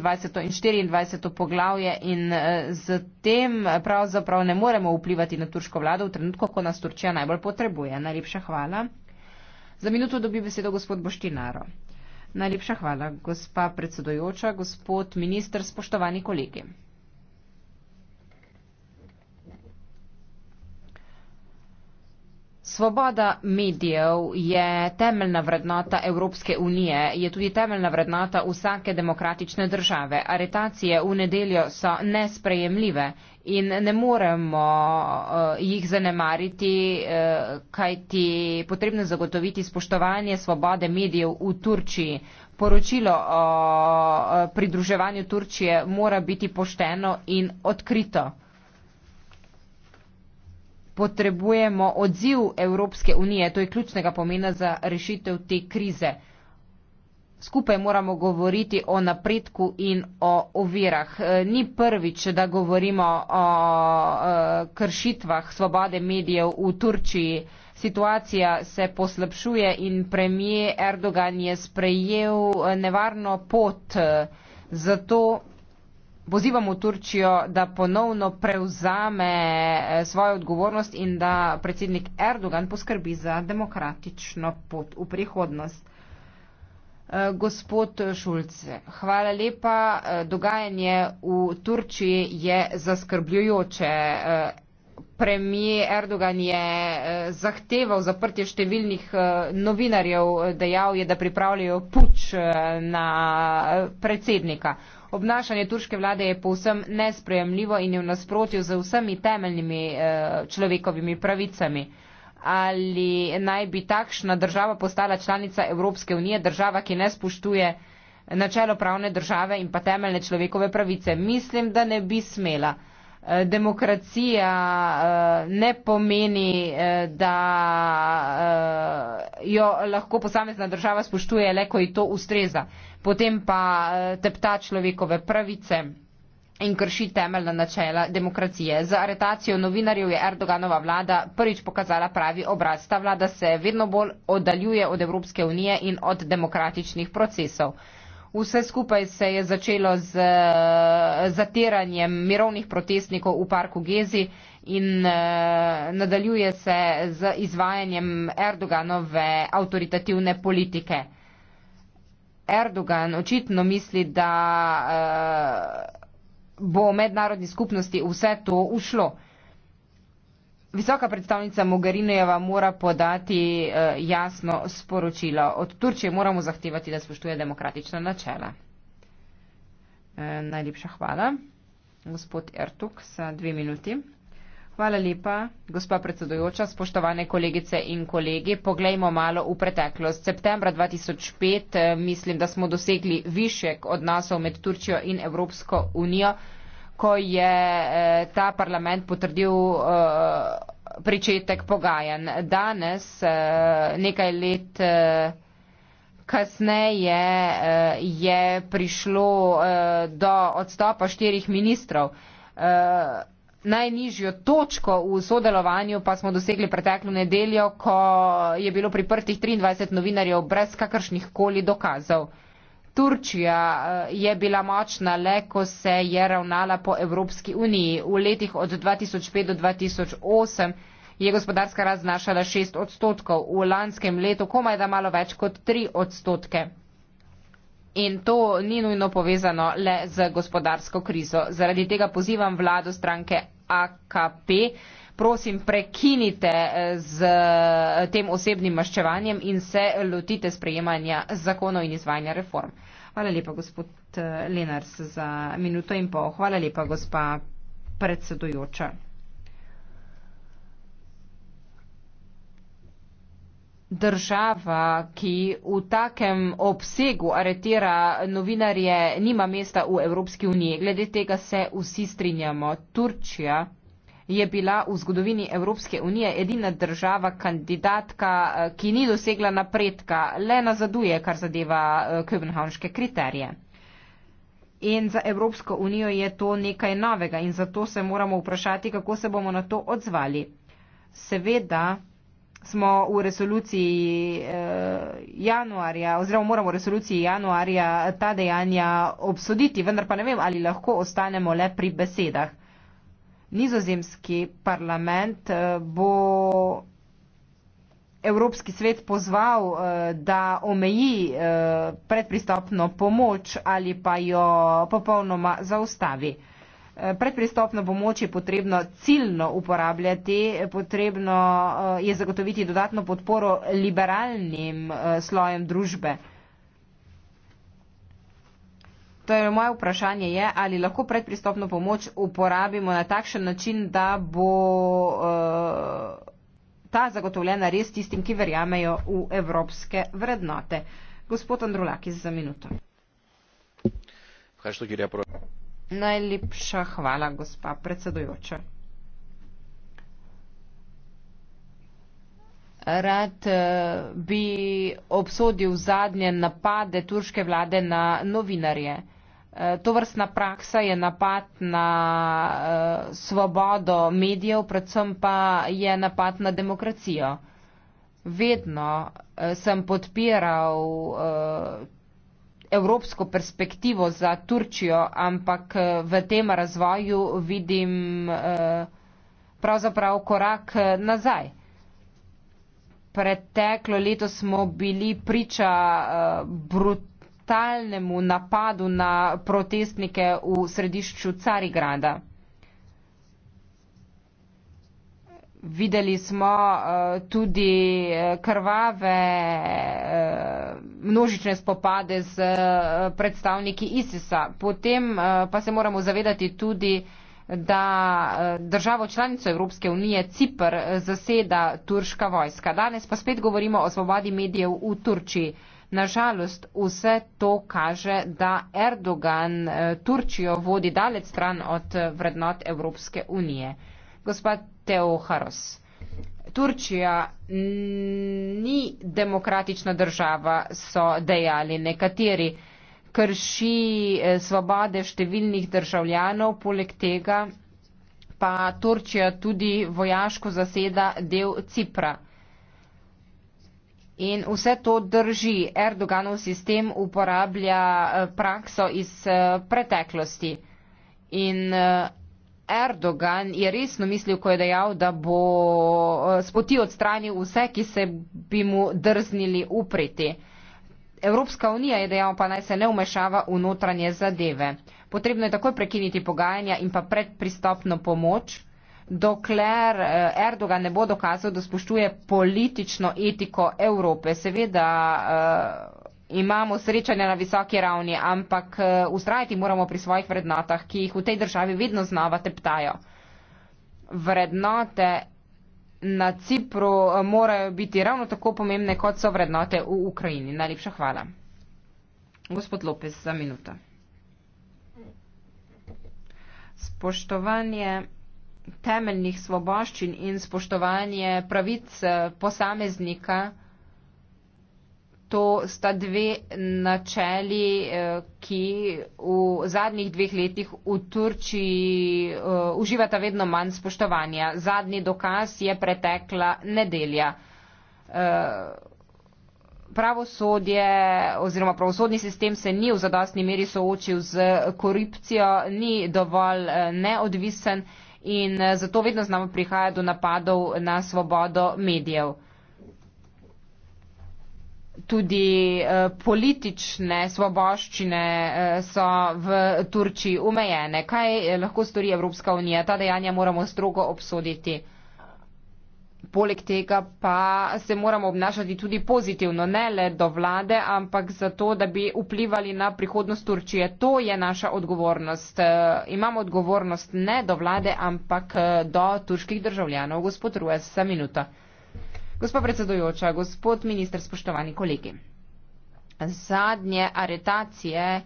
in 24. poglavje in z eh, tem pravzaprav ne moremo vplivati na turško vlado v trenutku, ko nas Turčija najbolj potrebuje. Najlepša hvala. Za minuto dobi besedo gospod Boštinaro. Najlepša hvala, gospa predsedojoča, gospod minister, spoštovani kolegi. Svoboda medijev je temeljna vrednota Evropske unije, je tudi temeljna vrednota vsake demokratične države. Aretacije v nedeljo so nesprejemljive in ne moremo eh, jih zanemariti, eh, kajti potrebno je zagotoviti spoštovanje svobode medijev v Turčiji. Poročilo o eh, pridruževanju Turčije mora biti pošteno in odkrito potrebujemo odziv Evropske unije, to je ključnega pomena za rešitev te krize. Skupaj moramo govoriti o napredku in o ovirah. E, ni prvič, da govorimo o e, kršitvah svobode medijev v Turčiji. Situacija se poslabšuje in premije Erdogan je sprejel e, nevarno pot. Zato pozivamo Turčijo, da ponovno prevzame eh, svojo odgovornost in da predsednik Erdogan poskrbi za demokratično pot v prihodnost. Eh, gospod Šulce, hvala lepa. Eh, dogajanje v Turčiji je zaskrbljujoče. Premijer Erdogan je zahteval zaprtje številnih novinarjev, dejal je, da pripravljajo puč na predsednika. Obnašanje turške vlade je povsem nesprejemljivo in je v nasprotju z vsemi temeljnimi eh, človekovimi pravicami. Ali naj bi takšna država postala članica Evropske unije, država, ki ne spoštuje načelo pravne države in pa temeljne človekove pravice? Mislim, da ne bi smela. Eh, demokracija eh, ne pomeni, da jo lahko posamezna država spoštuje le, ko ji to ustreza potem pa eh, tepta človekove pravice in krši temeljna načela demokracije. Za aretacijo novinarjev je Erdoganova vlada prvič pokazala pravi obraz. Ta vlada se vedno bolj oddaljuje od Evropske unije in od demokratičnih procesov. Vse skupaj se je začelo z eh, zatiranjem mirovnih protestnikov v parku Gezi in eh, nadaljuje se z izvajanjem Erdoganove avtoritativne politike. Erdogan očitno misli, da uh, bo mednarodni skupnosti vse to ušlo. Visoka predstavnica Mogarinejeva mora podati uh, jasno sporočilo. Od Turčije moramo zahtevati, da spoštuje demokratična načela. Uh, najlepša hvala. Gospod Ertuk, za dve minuti. Hvala lepa, gospa predsedujoča, spoštovane kolegice in kolegi. Poglejmo malo v preteklost. Septembra 2005 eh, mislim, da smo dosegli višek odnosov med Turčijo in Evropsko unijo, ko je eh, ta parlament potrdil eh, pričetek pogajanj. Danes, nekaj let kasneje, je prišlo do odstopa štirih ministrov. Najnižjo točko v sodelovanju pa smo dosegli preteklo nedeljo, ko je bilo priprtih 23 novinarjev brez kakršnih koli dokazov. Turčija eh, je bila močna le, ko se je ravnala po Evropski uniji. V letih od 2005 do 2008 je gospodarska raznašala 6 odstotkov, v lanskem letu komaj da malo več kot 3 odstotke. In to ni nujno povezano le z gospodarsko krizo. Zaradi tega pozivam vlado stranke AKP, prosim, prekinite eh, z eh, tem osebnim maščevanjem in se lotite sprejemanja zakonov in izvajanja reform. Hvala lepa, gospod eh, Lenars, za minuto in pol. Hvala lepa, gospa predsedujoča. Država, ki v takem obsegu aretira novinarje, nima mesta v Evropski uniji. Glede tega se vsi strinjamo. Turčija je bila v zgodovini Evropske unije edina država kandidatka, ki ni dosegla napredka, le nazaduje, kar zadeva eh, kopenhavnške kriterije. In za Evropsko unijo je to nekaj novega in zato se moramo vprašati, kako se bomo na to odzvali. Seveda, smo v resoluciji eh, januarja, oziroma moramo v resoluciji januarja ta dejanja obsoditi, vendar pa ne vem, ali lahko ostanemo le pri besedah. Nizozemski parlament eh, bo Evropski svet pozval, eh, da omeji eh, predpristopno pomoč ali pa jo popolnoma zaustavi predpristopno pomoč je potrebno ciljno uporabljati, potrebno eh, je zagotoviti dodatno podporo liberalnim eh, slojem družbe. Torej, moje vprašanje je, ali lahko predpristopno pomoč uporabimo na takšen način, da bo uh, ta zagotovljena res tistim, ki verjamejo v evropske vrednote. Gospod Andrulakis, za minuto. Kaj što, kjer je prav? Najlepša hvala, gospa predsedujoča. Rad eh, bi obsodil zadnje napade turške vlade na novinarje. Eh, to vrstna praksa je napad na eh, svobodo medijev, predvsem pa je napad na demokracijo. Vedno sem podpiral evropsko perspektivo za Turčijo, ampak eh, v tem razvoju vidim eh, pravzaprav korak eh, nazaj. Preteklo leto smo bili priča brutalnemu napadu na protestnike v središču Carigrada. Videli smo uh, tudi eh, krvave uh, množične spopade z uh, predstavniki ISIS-a. Potem uh, pa se moramo zavedati tudi, da uh, državo članico Evropske unije Cipr zaseda turška vojska. Danes pa spet govorimo o svobodi medijev v Turčiji. Nažalost, vse to kaže, da Erdogan uh, Turčijo vodi dalec stran od vrednot Evropske unije. Gospod Teo Haros. Turčija ni demokratična država, so dejali nekateri. Krši eh, svobode številnih državljanov, poleg tega pa Turčija tudi vojaško zaseda del Cipra. In vse to drži. Erdoganov sistem uporablja eh, prakso iz eh, preteklosti. In Erdogan je resno mislil, ko je dejal, da bo eh, s poti odstranil vse, ki se bi mu drznili upreti. Evropska unija je dejal, pa naj se ne umešava v notranje zadeve. Potrebno je takoj prekiniti pogajanja in pa predpristopno pomoč, dokler eh, Erdogan ne bo dokazal, da spoštuje politično etiko Evrope. Seveda. Uh, imamo srečanja na visoki ravni, ampak ustrajati eh, moramo pri svojih vrednotah, ki jih v tej državi vedno znova teptajo. Vrednote na Cipru eh, morajo biti ravno tako pomembne, kot so vrednote v Ukrajini. Najlepša hvala. Gospod Lopez, za minuto. Spoštovanje temeljnih svoboščin in spoštovanje pravic eh, posameznika to sta dve načeli, eh, ki v zadnjih dveh letih v Turčiji eh, uživata vedno manj spoštovanja. Zadnji dokaz je pretekla nedelja. Eh, pravosodje oziroma pravosodni sistem se ni v zadostni meri soočil z korupcijo, ni dovolj neodvisen in zato vedno znamo prihaja do napadov na svobodo medijev tudi eh, politične svoboščine eh, so v Turčiji omejene. Kaj eh, lahko stori Evropska unija? Ta dejanja moramo strogo obsoditi. Poleg tega pa se moramo obnašati tudi pozitivno, ne le do vlade, ampak zato, da bi vplivali na prihodnost Turčije. To je naša odgovornost. Imamo odgovornost ne do vlade, ampak do turških državljanov. Gospod Rues, sa minuta. Gospod predsedujoča, gospod minister, spoštovani kolegi. Zadnje aretacije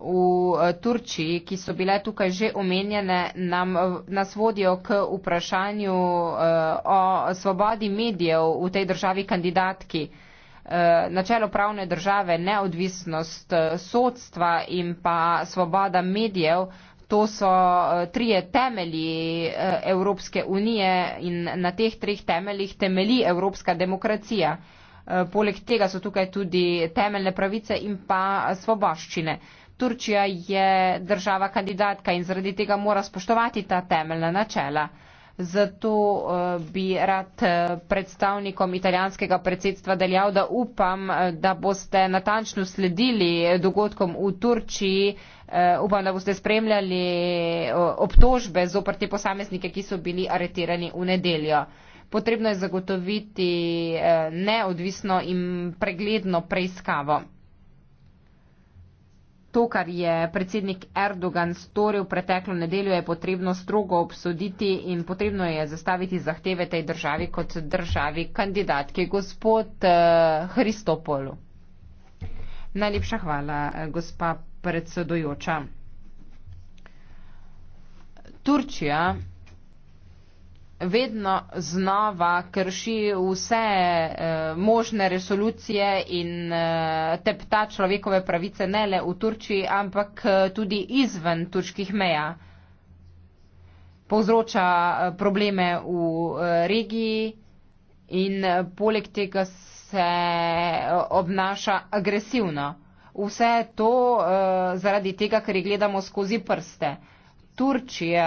v eh, Turčiji, ki so bile tukaj že omenjene, nam, eh, nas vodijo k vprašanju eh, o svobodi medijev v tej državi kandidatki. Načelo pravne države, neodvisnost sodstva in pa svoboda medijev to so eh, trije temelji eh, Evropske unije in na teh treh temeljih temelji evropska demokracija. Eh, poleg tega so tukaj tudi temeljne pravice in pa svoboščine. Turčija je država kandidatka in zaradi tega mora spoštovati ta temeljna načela. Zato bi rad predstavnikom italijanskega predsedstva deljal, da upam, da boste natančno sledili dogodkom v Turčiji Eh, upam, da boste spremljali eh, obtožbe z oprti posameznike, ki so bili aretirani v nedeljo. Potrebno je zagotoviti eh, neodvisno in pregledno preiskavo. To, kar je predsednik Erdogan storil preteklo nedeljo, je potrebno strogo obsoditi in potrebno je zastaviti zahteve tej državi kot državi kandidatke, gospod Hristopolu. Najlepša hvala, gospa predsedujoča. Turčija vedno znova krši vse eh, možne resolucije in eh, tepta človekove pravice ne le v Turčiji, ampak eh, tudi izven turških meja. Povzroča eh, probleme v eh, regiji in eh, poleg tega se eh, obnaša agresivno vse to uh, zaradi tega, ker jih gledamo skozi prste. Turčija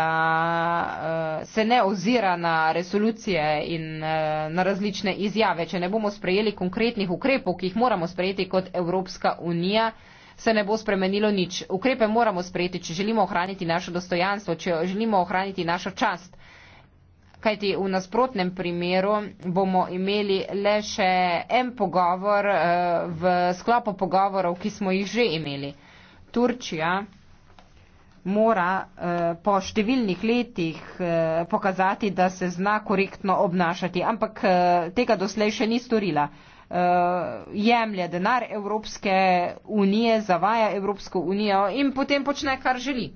uh, se ne ozira na resolucije in uh, na različne izjave. Če ne bomo sprejeli konkretnih ukrepov, ki jih moramo sprejeti kot Evropska unija, se ne bo spremenilo nič. Ukrepe moramo sprejeti, če želimo ohraniti naše dostojanstvo, če želimo ohraniti našo čast. Uh, kajti v nasprotnem primeru bomo imeli le še en pogovor eh, v sklopu pogovorov, ki smo jih že imeli. Turčija mora eh, po številnih letih eh, pokazati, da se zna korektno obnašati, ampak tega doslej še ni storila. Jemlje denar Evropske unije, zavaja Evropsko unijo in potem počne, kar želi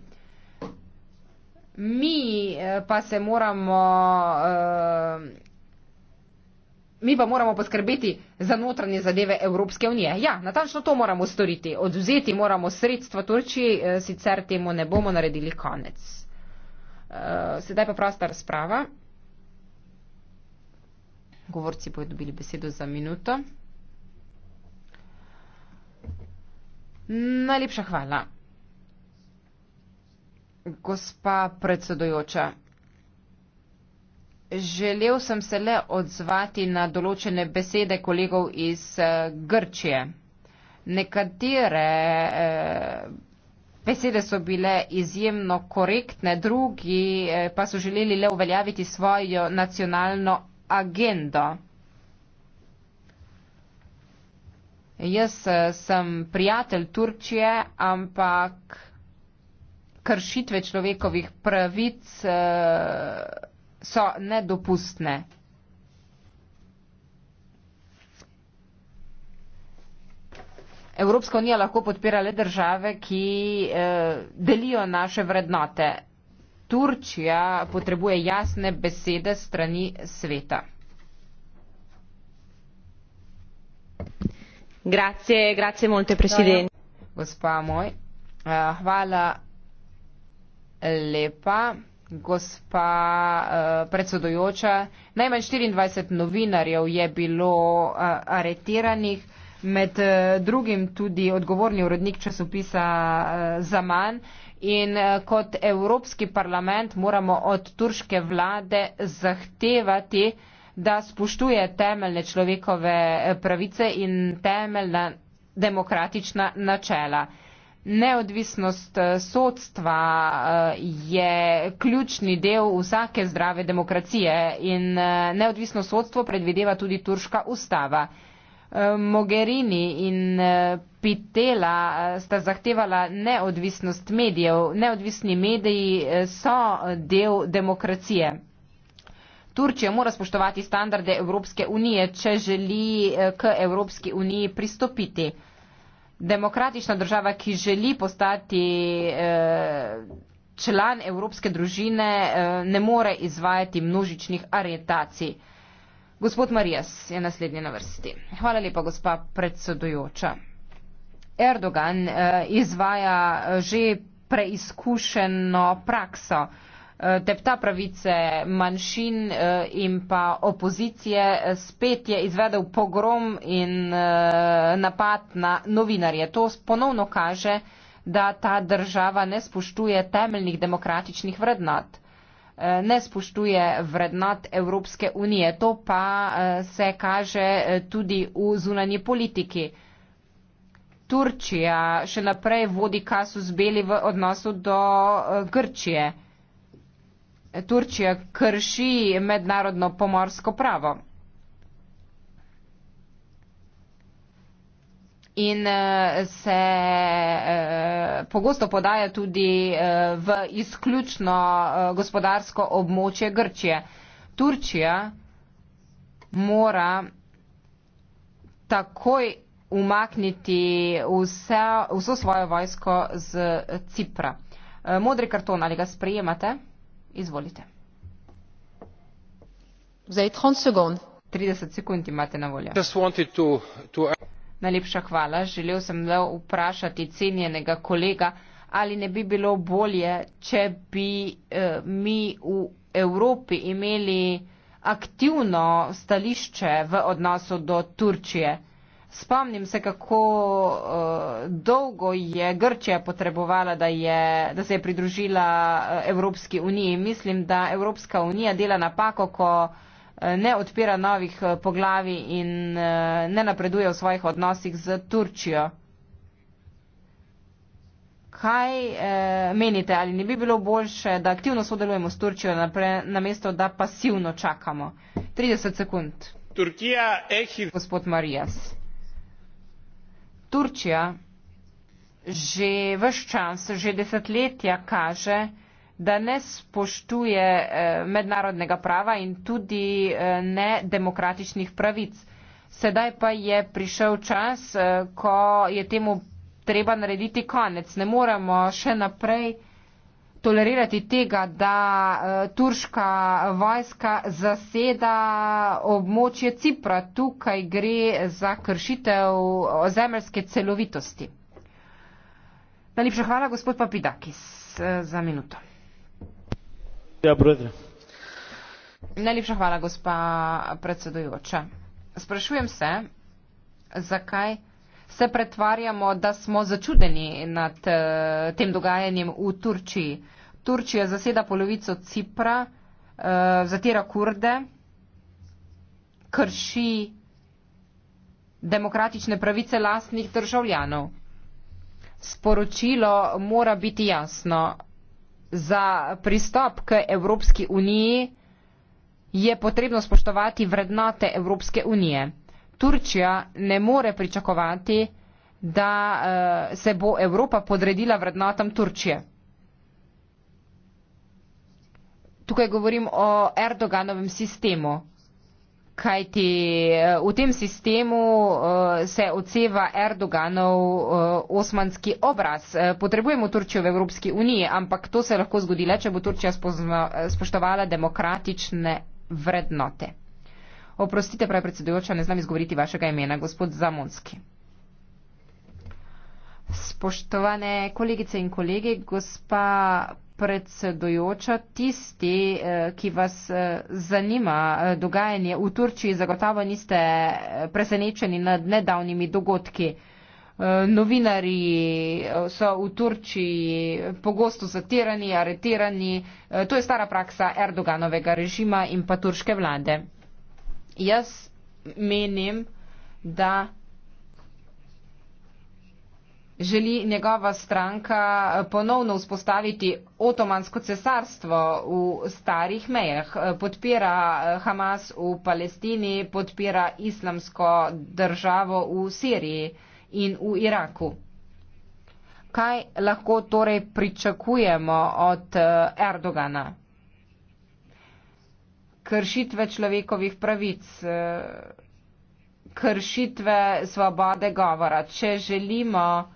mi eh, pa se moramo. Uh, Mi pa moramo poskrbeti za notranje zadeve Evropske unije. Ja, natančno to moramo storiti. Odvzeti moramo sredstva Turčiji, eh, sicer temu ne bomo naredili konec. Sedaj pa prosta razprava. Govorci bodo dobili besedo za minuto. Najlepša hvala gospa predsedojoča. Želel sem se le odzvati na določene besede kolegov iz eh, Grčije. Nekatere eh, besede so bile izjemno korektne, drugi eh, pa so želeli le uveljaviti svojo nacionalno agendo. Jaz sem prijatelj Turčije, ampak kršitve človekovih pravic uh, so nedopustne. Evropska unija lahko podpira le države, ki uh, delijo naše vrednote. Turčija potrebuje jasne besede strani sveta. Grazie, grazie molte, no, ja. Gospa moj, uh, hvala lepa. Gospa uh, eh, predsedojoča, najmanj 24 novinarjev je bilo uh, aretiranih, med uh, drugim tudi odgovorni urodnik časopisa uh, Zaman in uh, kot Evropski parlament moramo od turške vlade zahtevati, da spoštuje temeljne človekove pravice in temeljna demokratična načela. Uh, Neodvisnost eh, sodstva eh, je ključni del vsake zdrave demokracije in eh, neodvisno sodstvo predvideva tudi turška ustava. Mogherini in Pitela sta zahtevala neodvisnost medijev. Neodvisni mediji so del demokracije. Turčija mora spoštovati standarde Evropske unije, če želi k Evropski uniji pristopiti demokratična država, ki želi postati eh, član evropske družine, eh, ne more izvajati množičnih aretacij. Gospod Marijas je naslednji na vrsti. Hvala lepa, gospa predsedujoča. Erdogan eh, izvaja že preizkušeno prakso. Eh, tepta pravice manjšin eh, in pa opozicije, eh, spet je izvedel pogrom in napad na novinarje. To ponovno kaže, da ta država ne spoštuje temeljnih demokratičnih vrednot, ne spoštuje vrednot Evropske unije. To pa se kaže tudi v zunanji politiki. Turčija še naprej vodi kasus beli v odnosu do Grčije. Turčija krši mednarodno pomorsko pravo. In eh, se eh, pogosto podaja tudi eh, v izključno gospodarsko območje Grčije. Turčija mora takoj umakniti vse, vso svojo vojsko z Cipra. Modri karton, ali ga sprejemate? Izvolite. Zdaj 30 sekund. 30 sekund imate na voljo. To, to... Najlepša hvala. Želel sem le vprašati cenjenega kolega, ali ne bi bilo bolje, če bi eh, mi v Evropi imeli aktivno stališče v odnosu do Turčije. Spomnim se, kako uh, dolgo je Grčija potrebovala, da, je, da se je pridružila eh, Evropski uniji. Mislim, da Evropska unija dela napako, ko eh, ne odpira novih poglavi in uh, ne napreduje v svojih odnosih z Turčijo. Kaj uh, menite, ali ne bi bilo boljše, da aktivno sodelujemo s Turčijo, namesto da pasivno čakamo? 30 sekund. Turkija, ehi. Gospod Marijas. Turčija že vse čas, že desetletja kaže, da ne spoštuje eh, mednarodnega prava in tudi eh, ne demokratičnih pravic. Sedaj pa je prišel čas, eh, ko je temu treba narediti konec. Ne moremo še naprej tolerirati tega, da eh, turška vojska zaseda območje Cipra. Tukaj gre za kršitev ozemeljske celovitosti. Najlepša hvala, gospod Papidakis, eh, za minuto. Ja, Najlepša hvala, gospa predsedujoča. Sprašujem se, zakaj se pretvarjamo, da smo začudeni nad uh, tem dogajanjem v Turčiji. Turčija zaseda polovico Cipra, uh, zatira kurde, krši demokratične pravice lastnih državljanov. Sporočilo mora biti jasno. Za pristop k Evropski uniji je potrebno spoštovati vrednote Evropske unije. Turčija ne more pričakovati, da uh, se bo Evropa podredila vrednotam Turčije. Tukaj govorim o Erdoganovem sistemu, kajti eh, v tem sistemu uh, se odseva Erdoganov uh, osmanski obraz. Potrebujemo Turčijo v Evropski uniji, ampak to se lahko zgodi le, če bo Turčija spoznala, spoštovala demokratične vrednote. Oprostite, pravi predsedujoča, ne znam izgovoriti vašega imena, gospod Zamonski. Spoštovane kolegice in kolege, gospa predsedujoča, tisti, eh, ki vas eh, zanima eh, dogajanje v Turčiji, zagotovo niste presenečeni nad nedavnimi dogodki. Novinari so v Turčiji pogosto zatirani, areterani. To je stara praksa Erdoganovega režima in pa turške vlade jaz menim, da želi njegova stranka ponovno vzpostaviti otomansko cesarstvo v starih mejah. Podpira Hamas v Palestini, podpira islamsko državo v Siriji in v Iraku. Kaj lahko torej pričakujemo od eh, Erdogana? kršitve človekovih pravic, eh, kršitve svobode govora. Če želimo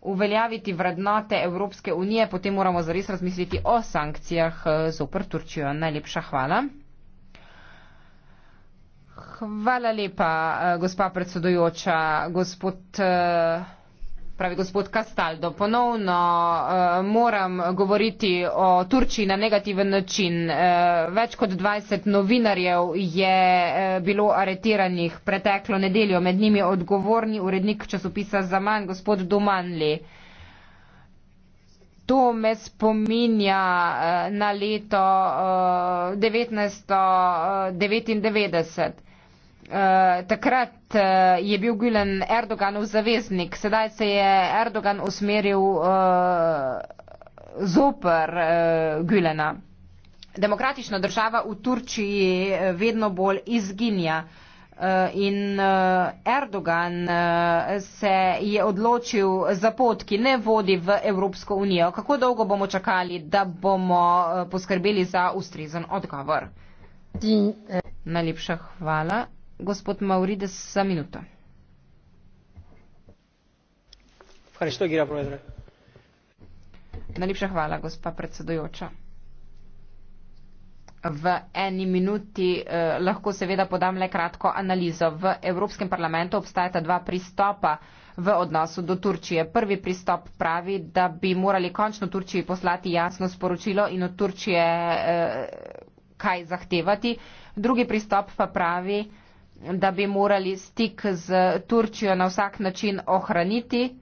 uveljaviti vrednote Evropske unije, potem moramo zares razmisliti o sankcijah eh, zopr Turčijo. Najlepša hvala. Hvala lepa, eh, gospa predsedujoča. Gospod pravi gospod Castaldo. Ponovno uh, moram govoriti o Turčiji na negativen način. Uh, več kot 20 novinarjev je uh, bilo aretiranih preteklo nedeljo, med njimi odgovorni urednik časopisa za manj, gospod Domanli. To me spominja uh, na leto uh, 1999. Uh, Eh, takrat eh, je bil Gülen Erdoganov zaveznik, sedaj se je Erdogan usmeril uh, zoper uh, Gülena. Demokratična država v Turčiji vedno bolj izginja. In Erdogan se je odločil za pot, ki ne vodi v Evropsko unijo. Kako dolgo bomo čakali, da bomo poskrbeli za ustrezen odgovor? Najlepša hvala gospod Maurides za minuto. Najlepša hvala, gospa predsedujoča. V eni minuti eh, lahko seveda podam le kratko analizo. V Evropskem parlamentu obstajata dva pristopa v odnosu do Turčije. Prvi pristop pravi, da bi morali končno Turčiji poslati jasno sporočilo in od Turčije eh, kaj zahtevati. Drugi pristop pa pravi, da bi morali stik z Turčijo na vsak način ohraniti,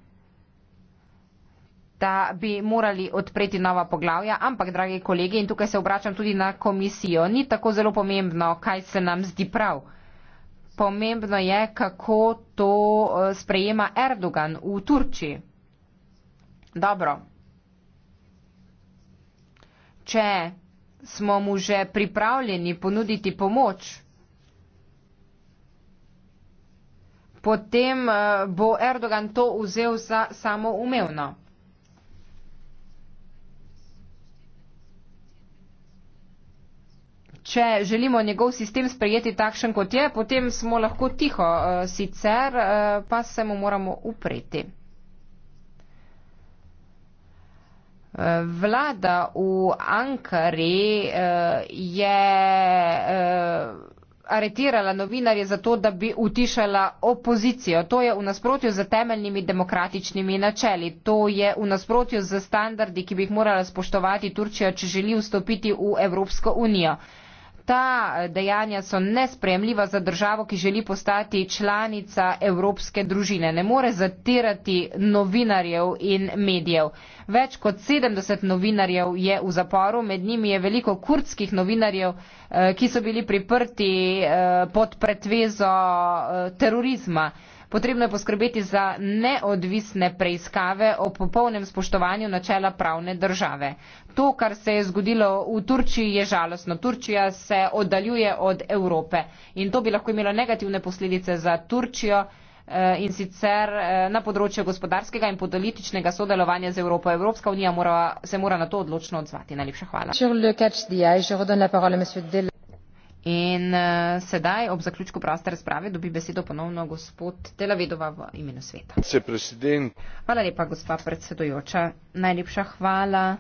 da bi morali odpreti nova poglavja. Ampak, dragi kolegi, in tukaj se obračam tudi na komisijo, ni tako zelo pomembno, kaj se nam zdi prav. Pomembno je, kako to eh, sprejema Erdogan v Turčiji. Dobro. Če smo mu že pripravljeni ponuditi pomoč, potem eh, bo Erdogan to vzel za samoumevno. Če želimo njegov sistem sprejeti takšen, kot je, potem smo lahko tiho, eh, sicer eh, pa se mu moramo upreti. Vlada v Ankari je aretirala novinarje zato, da bi utišala opozicijo. To je v nasprotju z temeljnimi demokratičnimi načeli. To je v nasprotju z standardi, ki bi jih morala spoštovati Turčija, če želi vstopiti v Evropsko unijo ta eh, dejanja so nespremljiva za državo, ki želi postati članica Evropske družine. Ne more zatirati novinarjev in medijev. Več kot 70 novinarjev je v zaporu, med njimi je veliko kurdskih novinarjev, eh, ki so bili priprti eh, pod pretvezo terorizma. Potrebno je poskrbeti za neodvisne preiskave o popolnem spoštovanju načela pravne države. To, kar se je zgodilo v Turčiji, je žalostno. Turčija se oddaljuje od Evrope in to bi lahko imelo negativne posledice za Turčijo eh, in sicer eh, na področju gospodarskega in političnega sodelovanja z Evropo. Evropska unija mora, se mora na to odločno odzvati. Najlepša hvala. In uh, sedaj ob zaključku proste razprave dobi besedo ponovno gospod Telavedova v imenu sveta. Hvala lepa, gospa predsedujoča. Najlepša hvala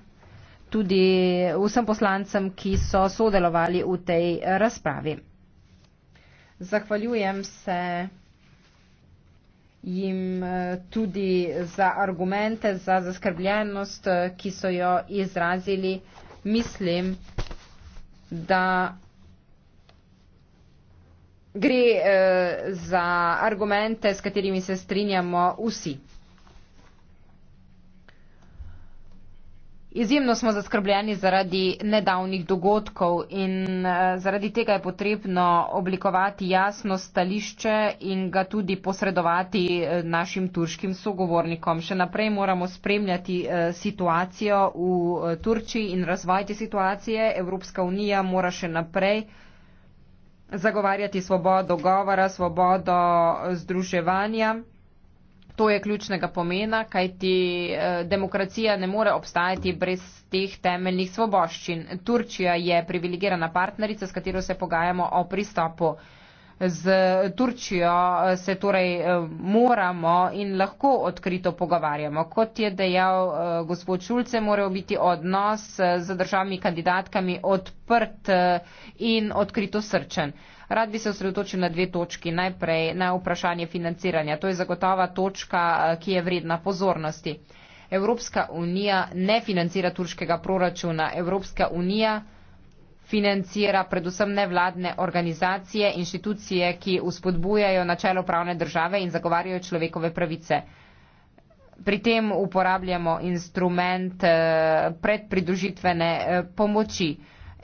tudi vsem poslancem, ki so sodelovali v tej razpravi. Zahvaljujem se jim eh, tudi za argumente, za zaskrbljenost, eh, ki so jo izrazili. Mislim, da gre eh, za argumente, s katerimi se strinjamo vsi. Izjemno smo zaskrbljeni zaradi nedavnih dogodkov in eh, zaradi tega je potrebno oblikovati jasno stališče in ga tudi posredovati eh, našim turškim sogovornikom. Še naprej moramo spremljati eh, situacijo v Turčiji in razvajati situacije. Evropska unija mora še naprej zagovarjati svobodo govora, svobodo združevanja. To je ključnega pomena, kajti eh, demokracija ne more obstajati brez teh temeljnih svoboščin. Turčija je privilegirana partnerica, s katero se pogajamo o pristopu z Turčijo eh, se torej eh, moramo in lahko odkrito pogovarjamo. Kot je dejal eh, gospod Šulce, mora biti odnos z državami kandidatkami odprt in odkrito srčen. Rad bi se osredotočil na dve točki. Najprej na vprašanje financiranja. To je zagotova točka, ki je vredna pozornosti. Evropska unija ne financira turškega proračuna. Evropska unija financira predvsem nevladne organizacije, inštitucije, ki uspodbujajo načelo pravne države in zagovarjajo človekove pravice. Pri tem uporabljamo instrument eh, predpridružitvene eh, pomoči.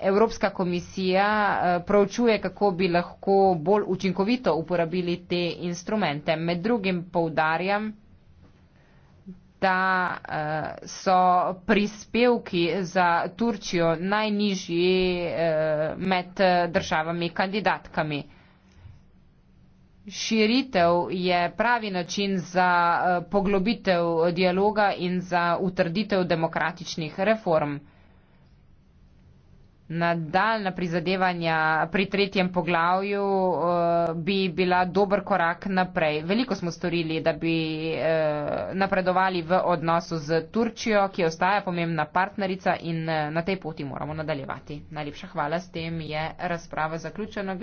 Evropska komisija eh, pravčuje, kako bi lahko bolj učinkovito uporabili te instrumente. Med drugim poudarjam, da eh, so prispevki za Turčijo najnižji eh, med eh, državami kandidatkami. Širitev je pravi način za poglobitev dialoga in za utrditev demokratičnih reform nadaljna prizadevanja pri tretjem poglavju eh, bi bila dober korak naprej. Veliko smo storili, da bi eh, napredovali v odnosu z Turčijo, ki ostaja pomembna partnerica in eh, na tej poti moramo nadaljevati. Najlepša hvala, s tem je razprava zaključena.